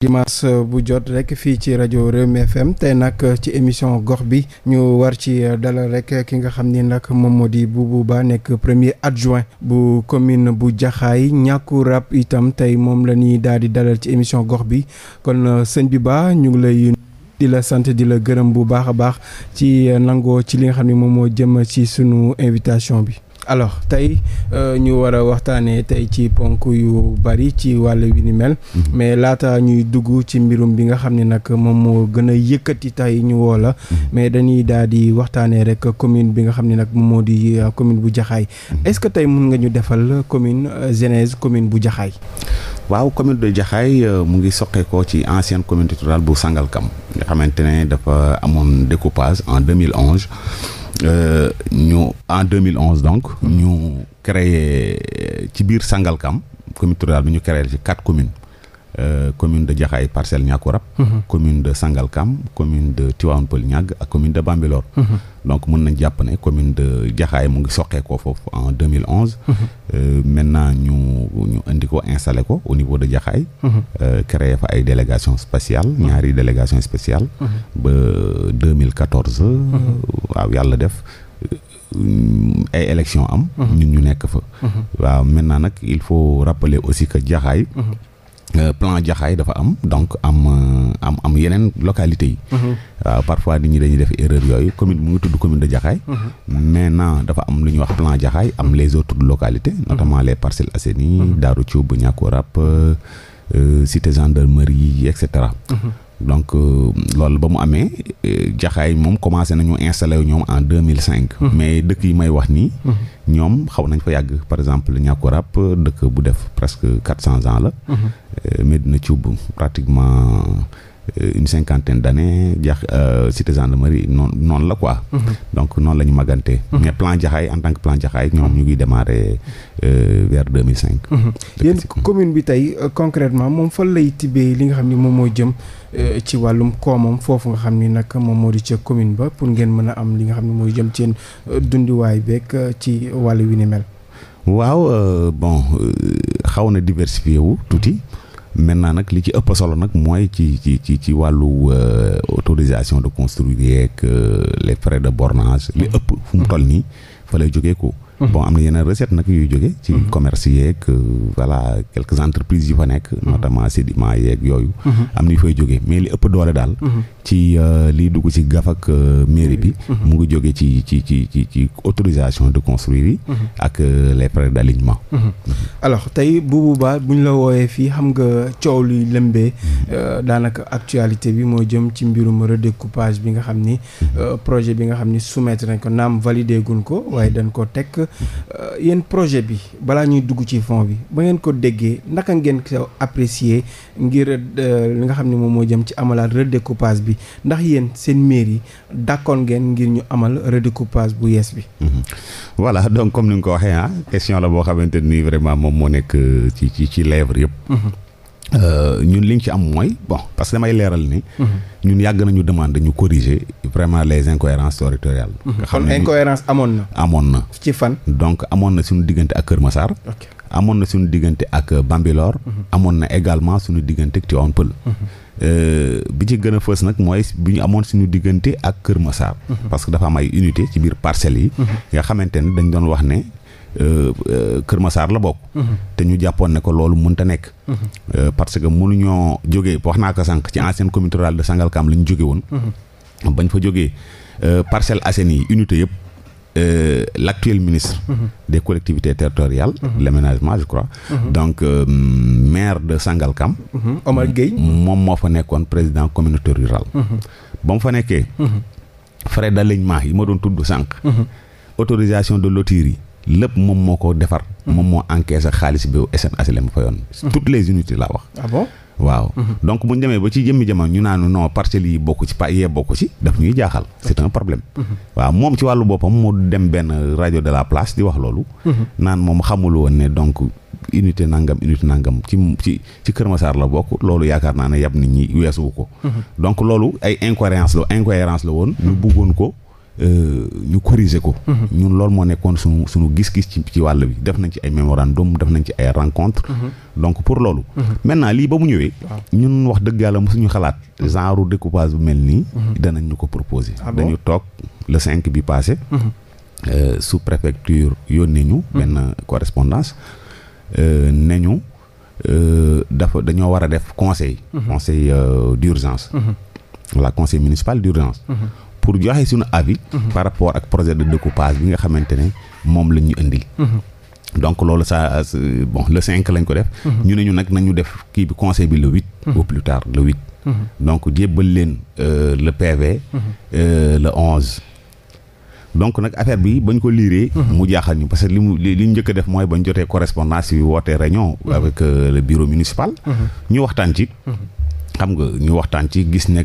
dimanche euh, bu jot rek fii ci rajo Rewmi FM te nag euh, ci émission gox bi ñu war ci euh, dalal rek ki nga xam ni nag moom moo di Boubou Ba nekk premier adjoint bu commune bu Jaxaay ñàkku rab itam tey moom la ñuy daal di dalal ci émission gox bi kon sëñ bi ba ñu ngi lay di la sant di la gërëm bu baax a baax ci nangoo ci li nga xam ne moom moo jëm ci sunu invitation bi. alors tey euh, ñu war a waxtaanee tey ci ponk yu bari ci wàll wi ni mel. Mhm. mais laata ñuy dugg ci mbirum bi nga xam ne nag moom moo gën a yëkkati tey ñu woo la. Mhm. mais dañuy daal di waxtaanee rek commune bi nga xam ni nag moom moo di euh, commune bu Jaxaay mhm. est-ce que tey mun nga ñu defal commune euh, genèse commune bu Jaxaay. waaw commune de Jaxaay mu ngi soqeekoo ci ancienne commune rurale bu Sangalkam nga xamante ne dafa amoon découpage en 2011. Euh, ñu en 2011 donc ñu créé ci biir Sangalkam commune rurale bi ñu créé ci quatre communes Euh, commune de Jaxaay Parcelles Niakoulrap mm -hmm. commune de Sangalkam commune de Tivaouane Peulh Niaga ak commune de Bambilor mm -hmm. donc mën nañ jàpp ne commune de Jaxaay mu ngi soqeekoo foofu en 2011 mm -hmm. euh, maintenant ñu ñu indi ko installé ko au niveau de Jaxaay mhm. euh, créé fa ay délégation spéciale mhm. ñaari délégation spéciale mhm. ba 2014 euh, waaw yàlla def euh, ay élection am ñun ñu nekk fa waaw maintenant nag il faut rappeler aussi que Jaxaay Euh, plan jaxaay dafa am donc am euh, am am yeneen localité yi waaw mhm. euh, parfois nit ñi dañuy def erreur yooyu commune mu ngi tudd commune de jaxaay mhm. maintenant dafa am lu ñuy wax plan jaxaay am les autres localités mhm. notamment les parcelle Parcelles Assainies Daaru Cuub Ñàkku Rap cité gendarmerie et cetera donc euh, loolu ba mu amee euh, jaxaay moom commencé nañu installé wu ñoom en deux mille cinq. mais dëkk yi may wax nii. ñoom xaw nañ fa yàgg par exemple Niakourap dëkk bu def presque quatre cent ans la. Euh, Medina Thioub pratiquement. une cinquantaine d'années jax euh, cité gendarmerie noonu noonu la quoi. Mhm. donc noonu la ñu magante. Mhm. mais plan jaxaay en tant que plan jaxaay ñoom ñu ngi démarré euh, vers deux mille cinq. Mhm. yéen commune bi tey euh, concrètement moom fan lay tibbee li nga xam ni moom moo jëm ci wàllum koomam foofu nga xam ni nag moom moo di ca commune ba pour ngeen mën a am li nga xam ne mooy jëm ci yéen dundiwaay ci wàllu wi ni mel. waaw bon xaw na diversifié wu tuuti. maintenant nag li ci ëpp solo nag mooy ci ci ci ci wàllu euh, autorisation de construire yeeg euh, les frais de bornage li mm-hmm. ëpp fu mu toll nii fa lay jógee ko mm-hmm. bon am na yeneen recette nag yuy jóge ci mm-hmm. commerce yeeg euh, voilà quelque entreprise yu fa nekk notamment sédiment yeeg yooyu am na yu fay jógee mais li ëpp doole daal ci euh, liy dugg ci gafak euh, mairie bi mm-hmm. Mm-hmm. mu ngi jóge ci ci ci ci ci autorisation de construire yi mm-hmm. ak euh, les frais d'alignement alors tey Boubou Ba bu ñu la wooyee fi xam nga coow luy lëmbee daanaka actualité bi moo jëm ci mbirum redécoupage bi nga xam ni projet bi nga xam ni soumettre nañ ko naam validé guñ ko waaye dañ ko teg yéen projet bi balaa ñuy dugg ci fond bi ba ngeen ko déggee naka ngeen ko apprécier ngir li nga xam ne moom moo jëm ci amalaat redécoupage bi ndax yéen seen mairie d'accord ngeen ngir ñu amal coupage bu yees bi. Mhm. voilà donc comme ni nga ko waxee ah question la boo xamante ni vraiment moom moo nekk euh, ci ci ci lèvre yëpp. Mhm. Euh, ñun li ñu ci am mooy bon parce que damay leeral ni. Mhm. ñun yàgg nañu demande ñu corriger vraiment les incohérences territoriales. nga xam ne kon amoon na. amoon na ci fan. donc amoon na suñu diggante ak Kër Massar. ok amoon na suñu diggante ak Bambilor mhm. amoon na également suñu diggante ak Tivaouane Peulh mhm. euh, bi ci gën a fës nag mooy bi ñu amoon suñu diggante ak Kër Massar mhm. parce que dafa am ay unité ci biir parcelles yi nga xamante ne dañ doon wax ne euh, euh, Kër Massar la bokk te ñu jàppoon ne ko loolu mënta nekk parce que mënuñoo jógee wax naa ko sànq ci ancienne communauté rurale de Sangalkam la ñu jóge woon bañ fa jógee parcelle Assainies yi unité yëpp euh, l'actuel ministre de -hmm. Mhm. des collectivités territoriales, mm -hmm. l'aménagement je crois. Mhm. donc euh, maire de Sangalkam. Mhm. Omar moom moo fa nekkoon président communauté rurale. ba mu fa nekkee. frais d'alignement yi ma doon tudd sànq. autorisation de lotir yi lépp moom moo ko defar. moom moo encaissé xaalis bi SN HLM e fayoon. toutes les unités laa wax. Ah waaw mhm. donc bu ñu demee ba ci jëmmi jamono ñu naanu non parcelles yi bokk ci pa yee bokk ci daf ñuy jaaxal c'est un problème mhm. waaw moom ci wàllu boppam mu dem benn rajo de la place di wax loolu mhm. naan moom xamul woon ne donc unité nangam unité nangam ci ci ci Kër Massar la bokk loolu yaakaar naa ne yab nit ñi u ko donc loolu ay incohérence la incohérence la woon ñu bëggoon ko Euh, ñu corriger ko. Mhm. ñun loolu moo nekkoon suñu suñu gis-gis ci ci wàll bi def nañ ci ay mémorandum def nañ ci ay rencontre mhm. donc pour loolu. Mhm. maintenant lii ba mu ñëwee. ñun wax dëgg yàlla mosuñu xalaat genre découpage bu mel nii. danañ ñu ko proposer. Ah dañu toog le cinq bi passé. Euh, sous préfecture yónnee ñu. benn correspondance euh, ne ñu dafa dañoo war a def conseil. conseil d'urgence. voilà conseil municipal d'urgence. pour joxe suñu avis. Mhm. par rapport ak projet de découpage bi nga xamante ne moom la ñu indil. Mhm. donc loolu ça bon le cinq lañ ko def. Mhm. ñu ne ñu nag nañu def kii bi conseil bi le huit. au plus tard le huit. donc jébbal leen euh, le PV. Euh, le onze. donc nag affaire bi bañ ko liiree. mu jaaxal ñu parce li mu li ñu njëkk a def mooy bañ jotee correspondance bi wootee réunion. avec euh, le bureau municipal. ñu waxtaan ci. xam nga ñu waxtaan ci gis ne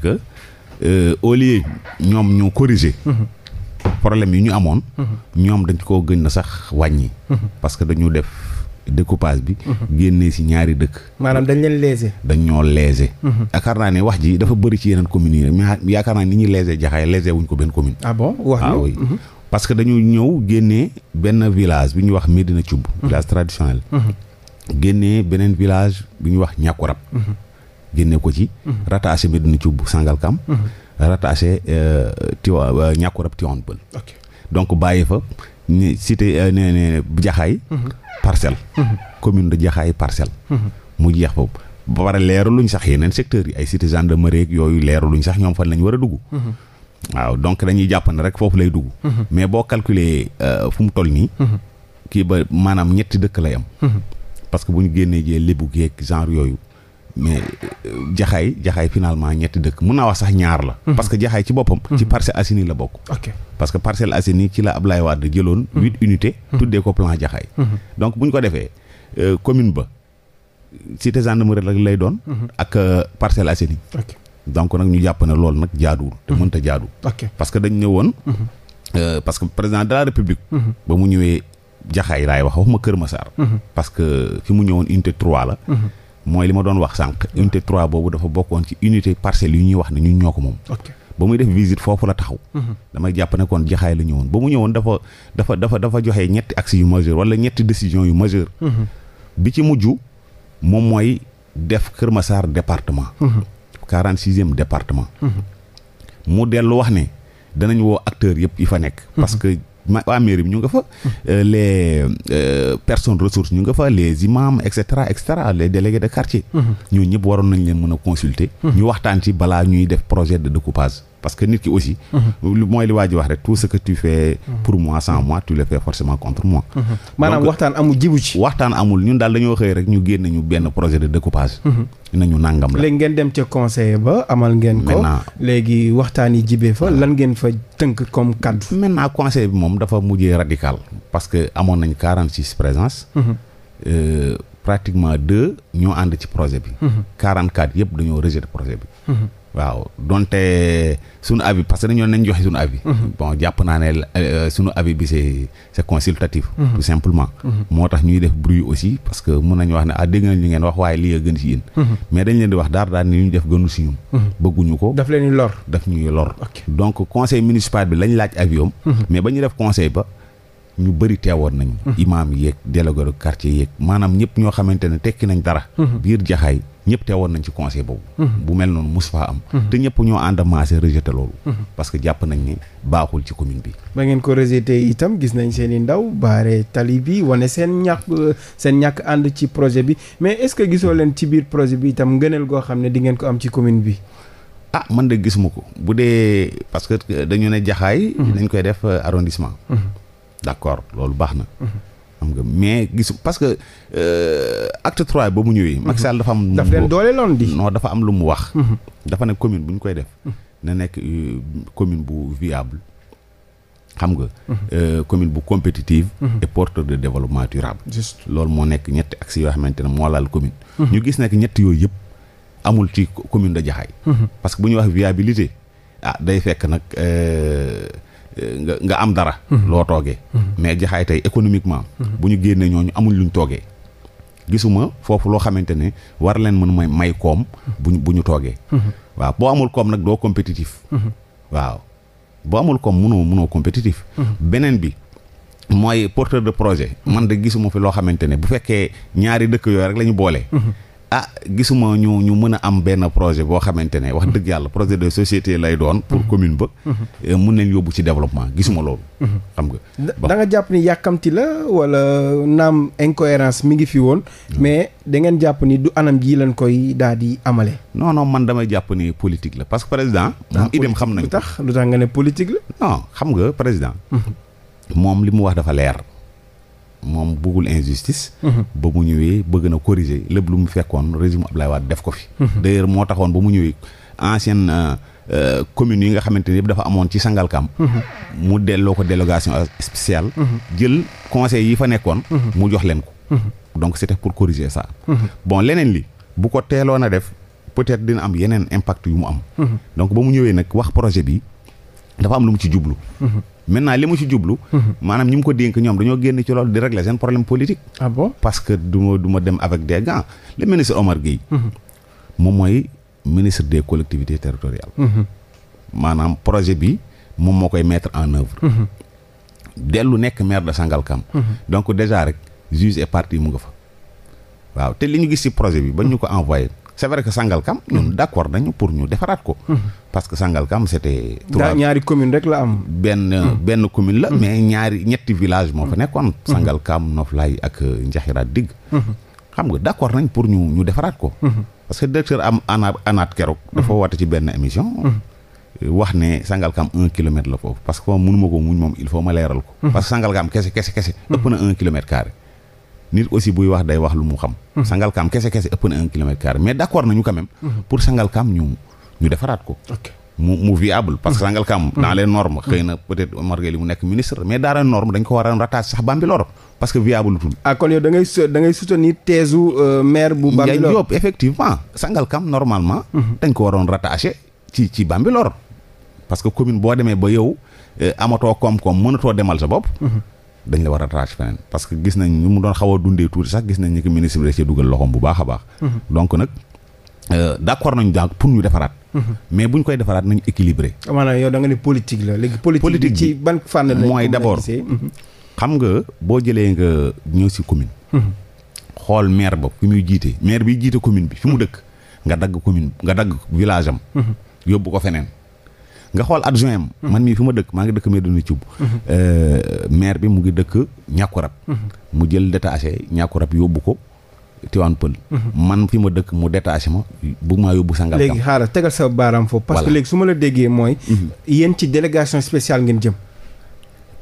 Euh, au lieu ñoom ñu corriger. problème yi ñu amoon. ñoom dañ koo gën na sax wàññi. parce que dañu def découpage bi. génnee si ñaari dëkk. maanaam dañ leen léser. dañ ñoo léser. Mhm. yaakaar naa ne wax ji dafa bëri ci yeneen commune yi yaakaar naa ni ñuy léser jaxaay léser wuñ ko benn commune. ah bon wax ah oui. Mhm. parce que dañu ñëw génnee benn village bi ñuy wax Medina Thioub. Mhm. village traditionnel. génnee beneen village bi ñuy wax Ñàkkurab. génne ko ci mhm. rattaché Médina Thioub Sangalkam mhm. rattaché euh, Tiwa euh, ñàkkurab Tiwaan Pël donc bàyyi fa ni cité euh, ne ne jaxaay mhm. parcelle commune de jaxaay parcelle mu jeex foofu ba pare leeru luñ sax yeneen secteurs yi ay cité gendarmerie yooyu leeru luñ sax ñoom fan lañ war a dugg waaw donc dañuy jàpp ne rek foofu lay dugg mais boo calculer fu mu toll nii kii ba maanaam ñetti dëkk lay am parce que bu génnee jee lébu geeg genre yooyu mais euh, jaxaay jaxaay finalement ñetti dëkk mun naa wax sax ñaar la. Mhm. parce que jaxaay ci boppam. ci mhm. Parcelles Assainies la bokk. ok parce que Parcelles Assainies la Ablaye Wade jëloon. Mhm. ñu ko defee euh, commune ba cité gendarmerie rek lay doon. ak euh, Parcelles Assainies. ok donc nag ñu jàpp ne loolu parce que dañ ne woon. parce que président de la république. ba mu ñëwee jaxaay laay wax waxuma Kër Massar. parce que fi mu ñëwoon unité trois la. mooy li ma doon wax sànq unité 3 boobu dafa bokkoon ci unité parcelles yu ñuy wax ne ñun ñoo ko moom ba muy def visite foofu la taxaw mhm. damay jàpp ne kon jaxaay la ñëwoon ba mu ñëwoon dafa dafa dafa dafa joxe ñetti axes yu majeur wala ñetti décision yu majeur mhm. bi ci mujj moom mooy def Kër Massar département mhm. quarante sixième département mu dellu wax ne danañ woo acteurs yëpp yi fa nekk parce que waa mairie bi ñu nga fa euh, les euh, personnes ressources ñu nga fa les imams et cetera et cetera les délégués de quartier mmh. ñoo ñëpp waroon nañ leen mën a consulter mmh. ñu waxtaan ci balaa ñuy def projet de découpage parce que nit ki aussi. Mhm. mooy li waa wax rek tout ce que tu fais. Mhm. pour moi sans moi tu le fais forcément contre moi. Mhm. maanaam waxtaan amul jiwu ci. waxtaan amul ñun daal dañoo xëy rek ñu génn ñu benn projet de découpage. nañu nangam la léegi ngeen dem ca conseil ba amal ngeen ko léegi waxtaan yi jibee fa lan ngeen fa tënk comme kaddu maintenant conseil bi moom dafa mujjee radical parce que amoon nañ quarante six présences euh, pratiquement deux ñoo ànd ci projet bi quarante quatre yëpp dañoo rejeté projet bi waaw donte suñu avis parce que dañoon nañ joxe suñu avis mhm. bon jàpp naa ne euh, suñu avis bi c'est c'est consultatif mhm. tout simplement mhm. moo tax ñuy def bruit aussi parce que mun nañu wax ne ah dégg nañ li ngeen wax waaye lii a gën si yéen mais dañ leen di wax daar daal ñu def gënu si ñun bëgguñu ko daf leen lor daf ñuy lor donc conseil municipal bi lañ laaj avis mais ba ñu def conseil ba ñu bëri teewoon nañu imaam yeeg délégué de quartier yeeg maanaam ñëpp ñoo xamante ne tekki nañ dara biir jaxaay ñëpp teewoon nañ ci conseil boobu bu mel noonu mus faa am te ñëpp ñoo ànd maase rejeté loolu parce que jàpp nañ ne baaxul ci commune bi ba ngeen ko rejeté itam gis nañ seen i ndaw baare tali bi wane seen ñàkk seen ñàkk ànd ci projet bi mais est-ce que gisoo leen ci biir projet bi itam ngëneel goo xam ne di ngeen ko am ci commune bi ah man de gisuma ko bu dee parce que dañu ne jaxaay dañ koy def euh, arrondissement d'accord loolu baax na. Mhm. xam nga mais gis parce que euh, acte trois ba mu ñëwee. Macky mhm. Sall dafa am lu mu. daf leen lu mu wax. Mhm. dafa ne commune bu ñu koy def. na nekk euh, commune bu viable. xam nga. Euh, commune bu compétitive. et porteur de développement durable. juste loolu moo nekk ñetti axes yoo xamante ne moo laal commune. ñu gis nekk ñett yooyu yëpp amul ci commune de Jaxaay parce que bu ñuy wax viabilité ah day fekk nag. nga nga am dara. loo toogee. mais jaxaay tey économiquement. bu ñu génnee ñooñu amuñ luñ toogee. gisuma foofu loo xamante ne war leen mën may may koom. buñ bu ñu toogee. waaw boo amul koom nag doo compétitif. waaw boo amul koom munoo munoo compétitif. beneen bi mooy porteur de projet. man de gisuma fi loo xamante ne bu fekkee ñaari dëkk yooyu rek la ñu boole. ah gisuma ñu ñu mën a am benn projet boo xamante ne wax dëgg yàlla projet de société lay doon. pour mhm. commune ba. Mhm. Eh, mun nañ yóbbu ci développement gisuma mhm. loolu. xam nga da nga jàpp ni yàkkamti la wala naam incohérence mi ngi fi woon. mais da ngeen jàpp ni du anam ji leen koy daal di amale. non man damay jàpp ni politique la parce que président. Ah, moom idem xam nañ lu tax lu tax nga ne politique la. non xam nga président. moom li mu wax dafa leer. moom bëggul injustice. Mhm. ba mu ñëwee bëgg na corriger lépp lu mu fekkoon régime Ablaye Wade def ko fi. Mhm. d'ailleurs moo taxoon ba mu ñëwee ancienne euh, euh, communes yi nga xamante ni yëpp dafa amoon ci Sangalkam. Mhm. mu delloo ko délégation spéciale. jël conseil yi fa nekkoon. mu jox leen ko. donc c'était pour corriger ça. bon leneen li bu ko teeloon a def peut-être dina am yeneen impact yu mu am. donc ba mu ñëwee nag wax projet bi dafa am lu mu ci jublu. maintenant li mu ci jublu. Mhm. maanaam ñi mu ko dénk ñoom dañoo génn ci loolu di régler seen problème politique. Ah parce que du ma ma dem avec des gants le ministre Omar Gueye. Mhm. moom mooy ministre des collectivité territoriales. Mhm. maanaam projet bi moom moo koy mettre en œuvre. dellu nekk maire de Sangalkam. donc déjà rek juge et partie mu nga fa. waaw te li ñu gis ci projet bi ba ñu ko envoyé. c'est vrai que Sangalkam ñun mhm. d'accord nañu pour ñu defaraat ko. Mhm. parce que Sangalkam c'était. trois ñaari commune rek la benn mhm. benn commune la. mais ñaari ñetti village moo fa nekkoon. Sangalkam Noflaay ak Njaxiraat Digg. xam nga d'accord nañ pour ñu ñu defaraat ko. parce que directeur am ana anaat keroog. dafa ci benn émission. Euh, wax ne Sangalkam un kilomètre la foofu parce que mënuma ko muñ moom il faut ma leeral ko. parce que Sangalkam kese kese kese. ëpp na un kilomètre carré. nit aussi buy wax day wax lu mu xam. Mhm. Sangalkam kese kese ëpp na un kilomètre carré mais d' nañu quand mhm. pour Sangalkam ñu ñu defaraat ko. mu viable parce que mhm. Sangalkam dans les normes xëy na peut-être Omar Gueye li a rattaché sax Bambilor parce que viable tul ah, kon yow da ngay da ngay euh, maire bu Bambilor Ndiaye Diop effectivement Sangalkam normalement dañ ko waroon rattaché ci ci Bambilor parce que commune boo demee ba yow euh, amatoo koom-koom mënatoo demal sa dañ la war a traité feneen parce que gis nañ ñu mu doon xaw a dundee tuuti sax gis nañ ni que ministre bi da cee loxoom bu baax a baax. Mm-hmm. donc nag euh, d' nañu daal pour ñu defaraat. Mm-hmm. mais bu ñu koy defaraat nañu équilibré. maanaam yow da nga ne ci ban fànn mooy d' mm-hmm. xam nga boo jëlee nga ñëw si commune. xool maire ba fi muy jiite maire bi jiite commune bi fi mu dëkk. nga dagg commune nga dagg village am. yóbbu ko feneen. nga xool adjoint am mhm. man mii fi ma dëkk maa ngi dëkk Medina Thioub mhm. euh, mair bi mu ngi dëkk ñàkkurab mhm. mu jël ñàkku ñàkkurab yóbbu ko Tiwaan Pël man fi ma dëkk mu détaché ma bu maa yóbbu sangal léegi xaaral tegal sa baaraam foofu parce que léegi su ma la déggee mooy yéen ci délégation spéciale ngeen jëm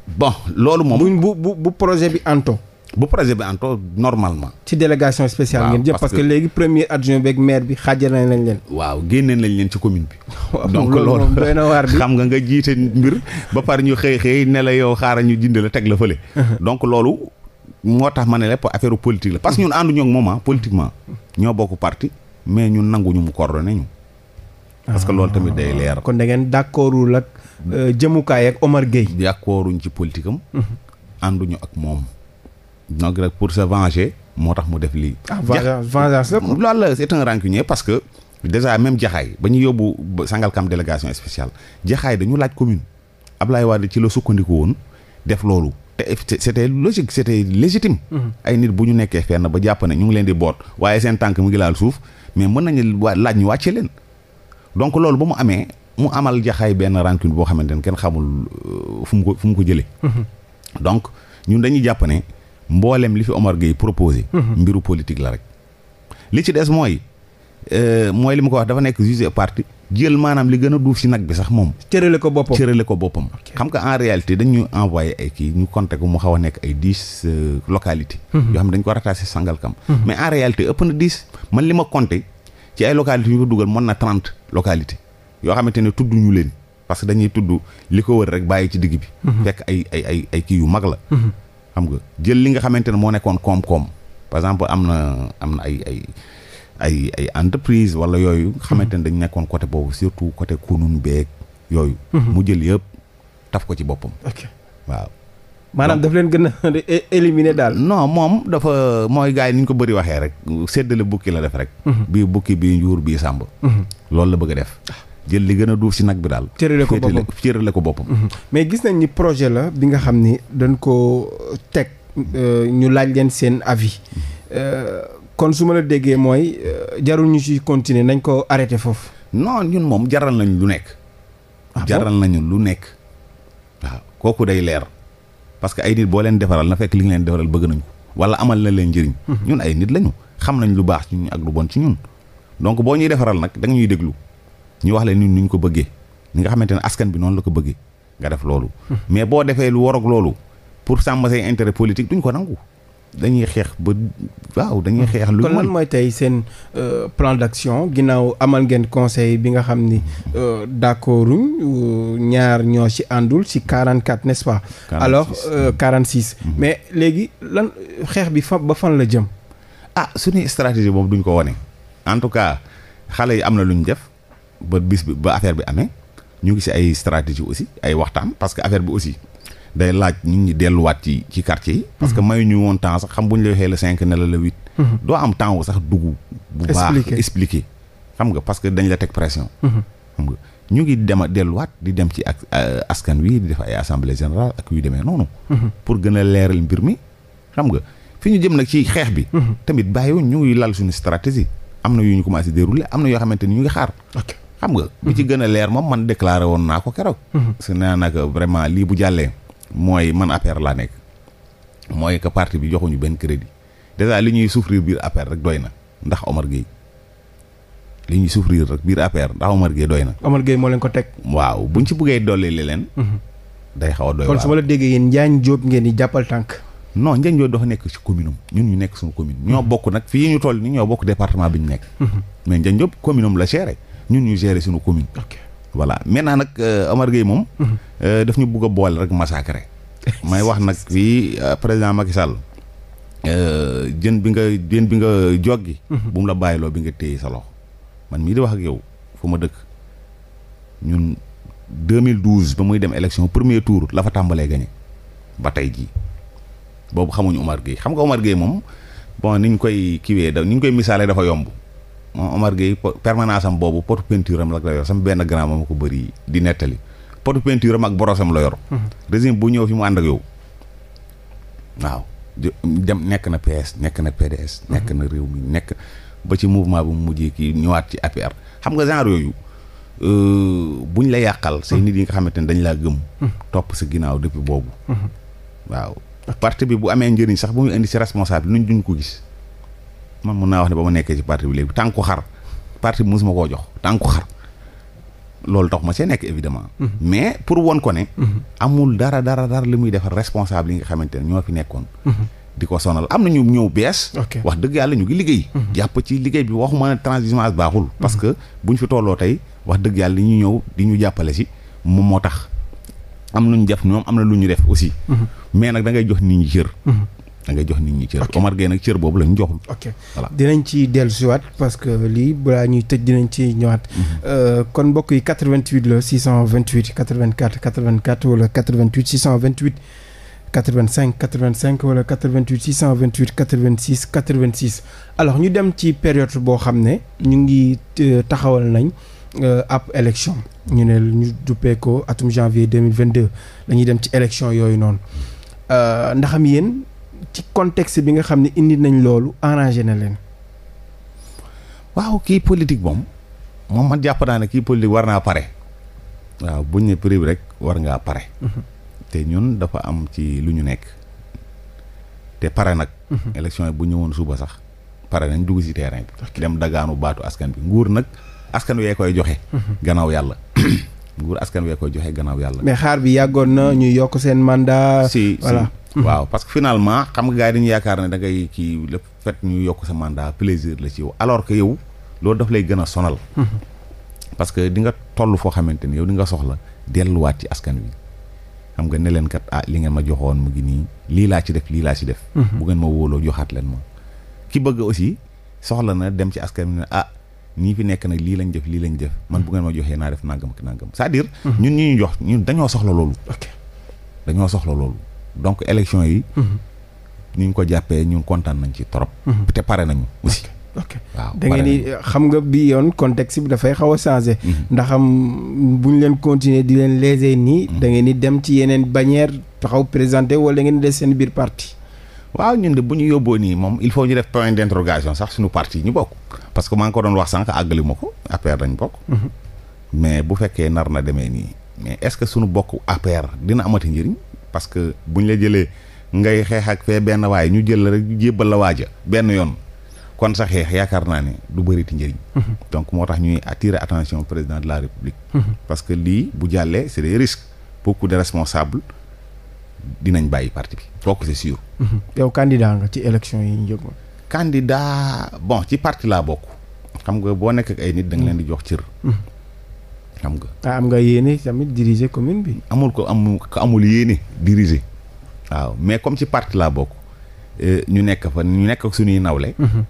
bon loolu moom bu bu bu projet bi anto bu projet bi anto normalement. ci délégation spéciale. ngeen jëpp parce que léegi premier adjoint beeg maire bi xaajal nañ leen. waaw génne nañ leen ci commune bi. donc loolu doy na waar bi xam nga nga jiite mbir ba pare ñu xëy xëy ne la yow xaaral ñu jënd la teg la fële. donc loolu moo tax ma ne lépp affaire politique la parce que ñun ànduñu ak moom ah, politiquement ñoo bokk parti mais ñun nanguñu mu coordonné parce que loolu tamit day leer. Ah, kon da d' accordul ak euh, jëmukaay ak Omar Gueye. d' accorduñ ci politique am. ak moom. donc nag pour se venger moo tax mu def lii. ah vengeance vengeance lépp. loolu la c'est un rancunier parce que déjà même jaxaay ba ñu yóbbu Sangalkam délégation spéciale jaxaay dañu laaj commune Ablaye Wade ci la sukkandiku woon def loolu. c'était logique c'était légitime mhm. ay nit bu ñu nekkee fenn ba jàpp ne ñu ngi leen di boot waaye seen tànk mu ngi laal suuf mais mën nañu laaj ñu wàcce leen donc loolu ba mu amee mu amal jaxaay benn rancune boo xamante ne kenn xamul euh, fu mu ko fu mu ko jëlee mhm. donc mboolem li fi Omar Gueye proposé. Mhm. mbiru politique la rek. li ci des mooy euh, mooy li mu ko wax dafa nekk juge parti jël maanaam li gën a duuf si nag bi sax moom. cërale ko boppam cërale ko boppam. xam nga en réalité dañu envoyé ay kii ñu compté ko mu xaw a nekk ay dix euh, localités. Mhm. yoo xam ne dañu ko rattaché Sangalkam. Mhm. mais en réalité ëpp na dix man li ma compté ci ay localités yu ko dugal mën na trente localités yoo xamante ne tudd ñu leen parce que dañuy tudd li ko wër rek bàyyi ci digg bi. fekk kii yu mag la. xam nga jël li nga xamante ne moo nekkoon koom-koom par exemple am na am na ay ay ay ay entreprise wala yooyu xamante ne dañ nekkoon côté boobu surtout côté kunun beeg yooyu mhm. mu jël yëpp taf ko ci boppam waaw maanaam daf leen gën a éliminer daal non moom dafa mooy gars yi ni ñu ko bëri waxee rek séddale bukki la def rek mhm. bii bukki bii njuur bii sàmb mhm. loolu la bëgg a def ah. jël li gën a duuf si nag bi daal. cërale ko boppam cërale ko boppam. Mhm. mais gis nañ ni projet la bi nga xam ni dañ koo euh, teg euh, ñu laaj leen seen avis mhm. euh, kon su ma la déggee mooy jarul ñu ci continuer nañ ko arrêté foofu. non ñun moom jaral nañ lu nekk. Ah jaral nañu lu nekk. waaw kooku day leer parce que ay nit boo leen defaral na fekk li nga leen defaral bëgg nañ ko wala amal na leen njëriñ. Mhm. ñun ay nit lañu xam nañ lu baax ci ñun ak lu bon ci ñun donc boo ñuy defaral nag da nga ñuy déglu. ñu wax leen ni ñu ko bëggee ni nga xamante ne askan bi noonu la ko bëggee nga def loolu. mais boo defee lu waroog loolu pour sàmm say intérêt politique duñ ko nangu. dañuy xeex ba waaw dañuy xeex. lu kon lan mooy tey seen euh, plan d'action ginnaaw amal ngeen conseil bi nga xam ni mm-hmm. euh, d'accorduñ euh, ñaar ñoo ci àndul ci 44 n'est-ce pas. 46 alors 46. Mm-hmm. Mm-hmm. mais léegi lan xeex bi fa ba fan la jëm. ah suñuy stratégie boobu duñ ko wane en tout cas xale yi am na lu ñu def ba bis bi ba affaire bi amee ñu ngi si ay stratégie aussi ay waxtaan parce que affaire bi aussi day laaj ñun ñi delluwaat ci ci quartier yi. parce que mhm. mayu ñu woon temps sax xam bu ñu lay waxee le cinq ne la le mhm. nga parce dañ la teg pression. Mhm. xam nga ñu ngi dem a delluwaat di dem ci ak euh, askan wi di def ay assemblée générale ak yu demee noonu. pour gën a leeral mbir mi xam nga fi ñu jëm nag ci xeex bi. tamit bàyyiwuñ ñu ngi lal suñu stratégie am na yu ñu commencé déroulé am na yoo xamante ni ñu ngi xam nga. bi ci gën a leer moom man déclaré woon naa ko keroog. su mhm. nee nag vraiment lii bu jàllee mooy man affaire laa nekk mooy que parti bi joxuñu benn crédit dèjà li ñuy souffrir biir affaire rek doy na ndax Omar Gueye li ñuy souffrir rek biir affaire ndax Omar Gueye doy na. Omar Gueye moo leen ko teg. waaw ñu ci buggee dolli li leen. Mhm. day xaw a doy waar kon su ma la déggee yéen Njaañ Jóob ngeen di jàppal tànk. non Njaañ Jóob dafa nekk ci commune ñun ñu nekk suñu commune. ñoo mhm. bokk nag fii ñu toll nii ñoo bokk département bi ñu nekk. mais Njaañ la géré. ñun ñu gérer suñu commune. voilà maintenant nag euh, Omar Gueye moom. Mhm. Euh, daf ñu bugg a boole rek massacrer. may wax nag fii euh, président Macky Sall. jën bi nga jën bi nga joggi. Mhm. bu mu la bàyyiloo bi nga téye sa loxo. man mii di wax ak yow fu ma dëkk ñun 2012 ba muy dem élection premier tour la fa tàmbalee gagné ba tey jii boobu xamuñu Omar Gueye xam nga Omar Gueye moom bon ni ñu koy kiwee da ni ñu koy misaalee dafa yomb. Omar Gueye permanence am boobu potu peinture am la la yor sama benn grand moom ko bëri di nettali potu peinture am ak borosam la yor. Mhm. régime bu ñëw fi mu ànd ak yow waaw. dem nekk na PS nekk na PDS. Mhm. nekk na réew mi nekk ba ci mouvement bu mu mujjee kii ñëwaat ci APR xam nga genre yooyu euh, buñ la yàqal. say mhm. nit yi nga xamante ne dañ laa gëm. topp si ginnaaw depuis boobu. waaw parti bi bu amee njëriñ sax bu muy indi si responsable nuñ duñ ko gis. man mun naa wax ne ba ma nekkee ci parti bi léegi tànku xar parti bi mosuma koo jox tànku xar loolu tax ma see nekk évidemment mm-hmm. mais pour won ko ne mm-hmm. amul dara dara dara li muy defar responsable yi nga xamante ne ñoo fi nekkoon mm-hmm. di ko sonal am na ñu ñëw bees wax dëgg yàlla ñu ngi liggéey jàpp ci liggéey bi waxuma ne transhumance baaxul parce que bu ñu fi tolloo tey wax dëgg yàlla li ñu ñëw di ñu jàppale si moom moo tax am lu ñu def ñoom am na lu ñu def aussi mais nag da ngay jox nit da ngay jox nit ñi cër Omar Gueye nag cër boobu la ñu joxul ok voilà dinañ ci dellu siwaat parce que lii balaa ñuy tëj dinañ ci ñëwaat mhm. euh, kon mbokk yi 88 la 628 84 84 wala 88 628 85 85 wala 88 628 86 86 alors ñu dem ci période boo xam ne ñu ngi euh, taxawal nañ euh, ab élection ñu ne ñu duppee ko atum janvier 2022 la ñuy dem ci élection yooyu noonu ndaxam yéen ci contexte bi nga xam ne indi nañ loolu arrangé na leen. waaw kii politique moom moom ma jàpp naa ne kii politique war naa pare. waaw buñ ne prix bi rek war ngaa pare. Mhm. ñun dafa am ci lu ñu nekk. te pare nag. Mhm. élection yi bu ñëwoon suba sax pare nañ dugg ci terrain bi. dem dagaanu baatu askan bi nguur nag askan wee koy joxe. Mhm. gannaaw yàlla. nguur askan wee koy joxe gannaaw yàlla. mais xaar bi yàggoon na ñu yokk seen mandat. si si. waaw parce que finalement xam nga gars yi dañu yaakaar ne da ngay kii le fait ñu yokk sa mandat plaisir la ci yow alors que yow loolu daf lay gën a sonal. parce que di nga toll foo xamante ni yow di nga soxla delluwaat ci askan wi xam nga ne leen kat ah li ngeen ma joxoon mu ngi nii lii laa ci def lii laa ci def. Mhm. bu ngeen ma wóoloo joxaat leen ma. ki bëgg aussi soxla na dem ci askan wi ne ah, fi nekk nag lii lañ def lii lañ def man mhm. bu ngeen ma joxee naa def nangam ak nangam mhm. cest sa dire ñun ñu ñu jox ñun dañoo soxla loolu. dañoo soxla loolu. donc élection yi. Mhm. ni ñu ko jàppee ñun kontaan nañ ci trop. Mhm. te pare nañu aussi. ok waaw da ngeen ni xam nga bi yoon contexte bi dafay xaw a changé. Mhm. ndax am bu ñu leen continuer di leen léser nii. da ngeen ni dem ci yeneen bannière taxaw présenté wala ngeen de seen biir parti. waaw ñun de bu ñu yóbboo nii moom il faut ñu def point d'interrogation sax suñu parti ñu bokk. parce que maa ngi ko doon wax sànq àggali ma ko APR dañ bokk. mais bu fekkee nar na demee nii mais est-ce que suñu bokk APR dina amati njëriñ. parce que bu ñu la jëlee ngay xeex ak fee benn waay ñu jël la rek jébbal la waaja benn yoon kon sa xeex yaakaar naa ne du bëri ti njëriñ. Mhm. donc moo tax ñuy attirer attention président de la république. Mhm. parce que lii bu jàllee c'est des risques beaucoup de responsables dinañ bàyyi parti bi kooku c'est sûr. Mhm. yow candidat nga ci élection yi ñu jóg. candidat bon ci parti laa bokk. xam nga boo nekk ak ay nit da leen di jox cër. xam nga. ah am nga yéene tamit diriger commune bi. amul ko amul ko amul yéene diriger. waaw mais comme ci parti laa bokk eh, ñu nekk fa ñu nekk ak suñuy nawle. Mhm.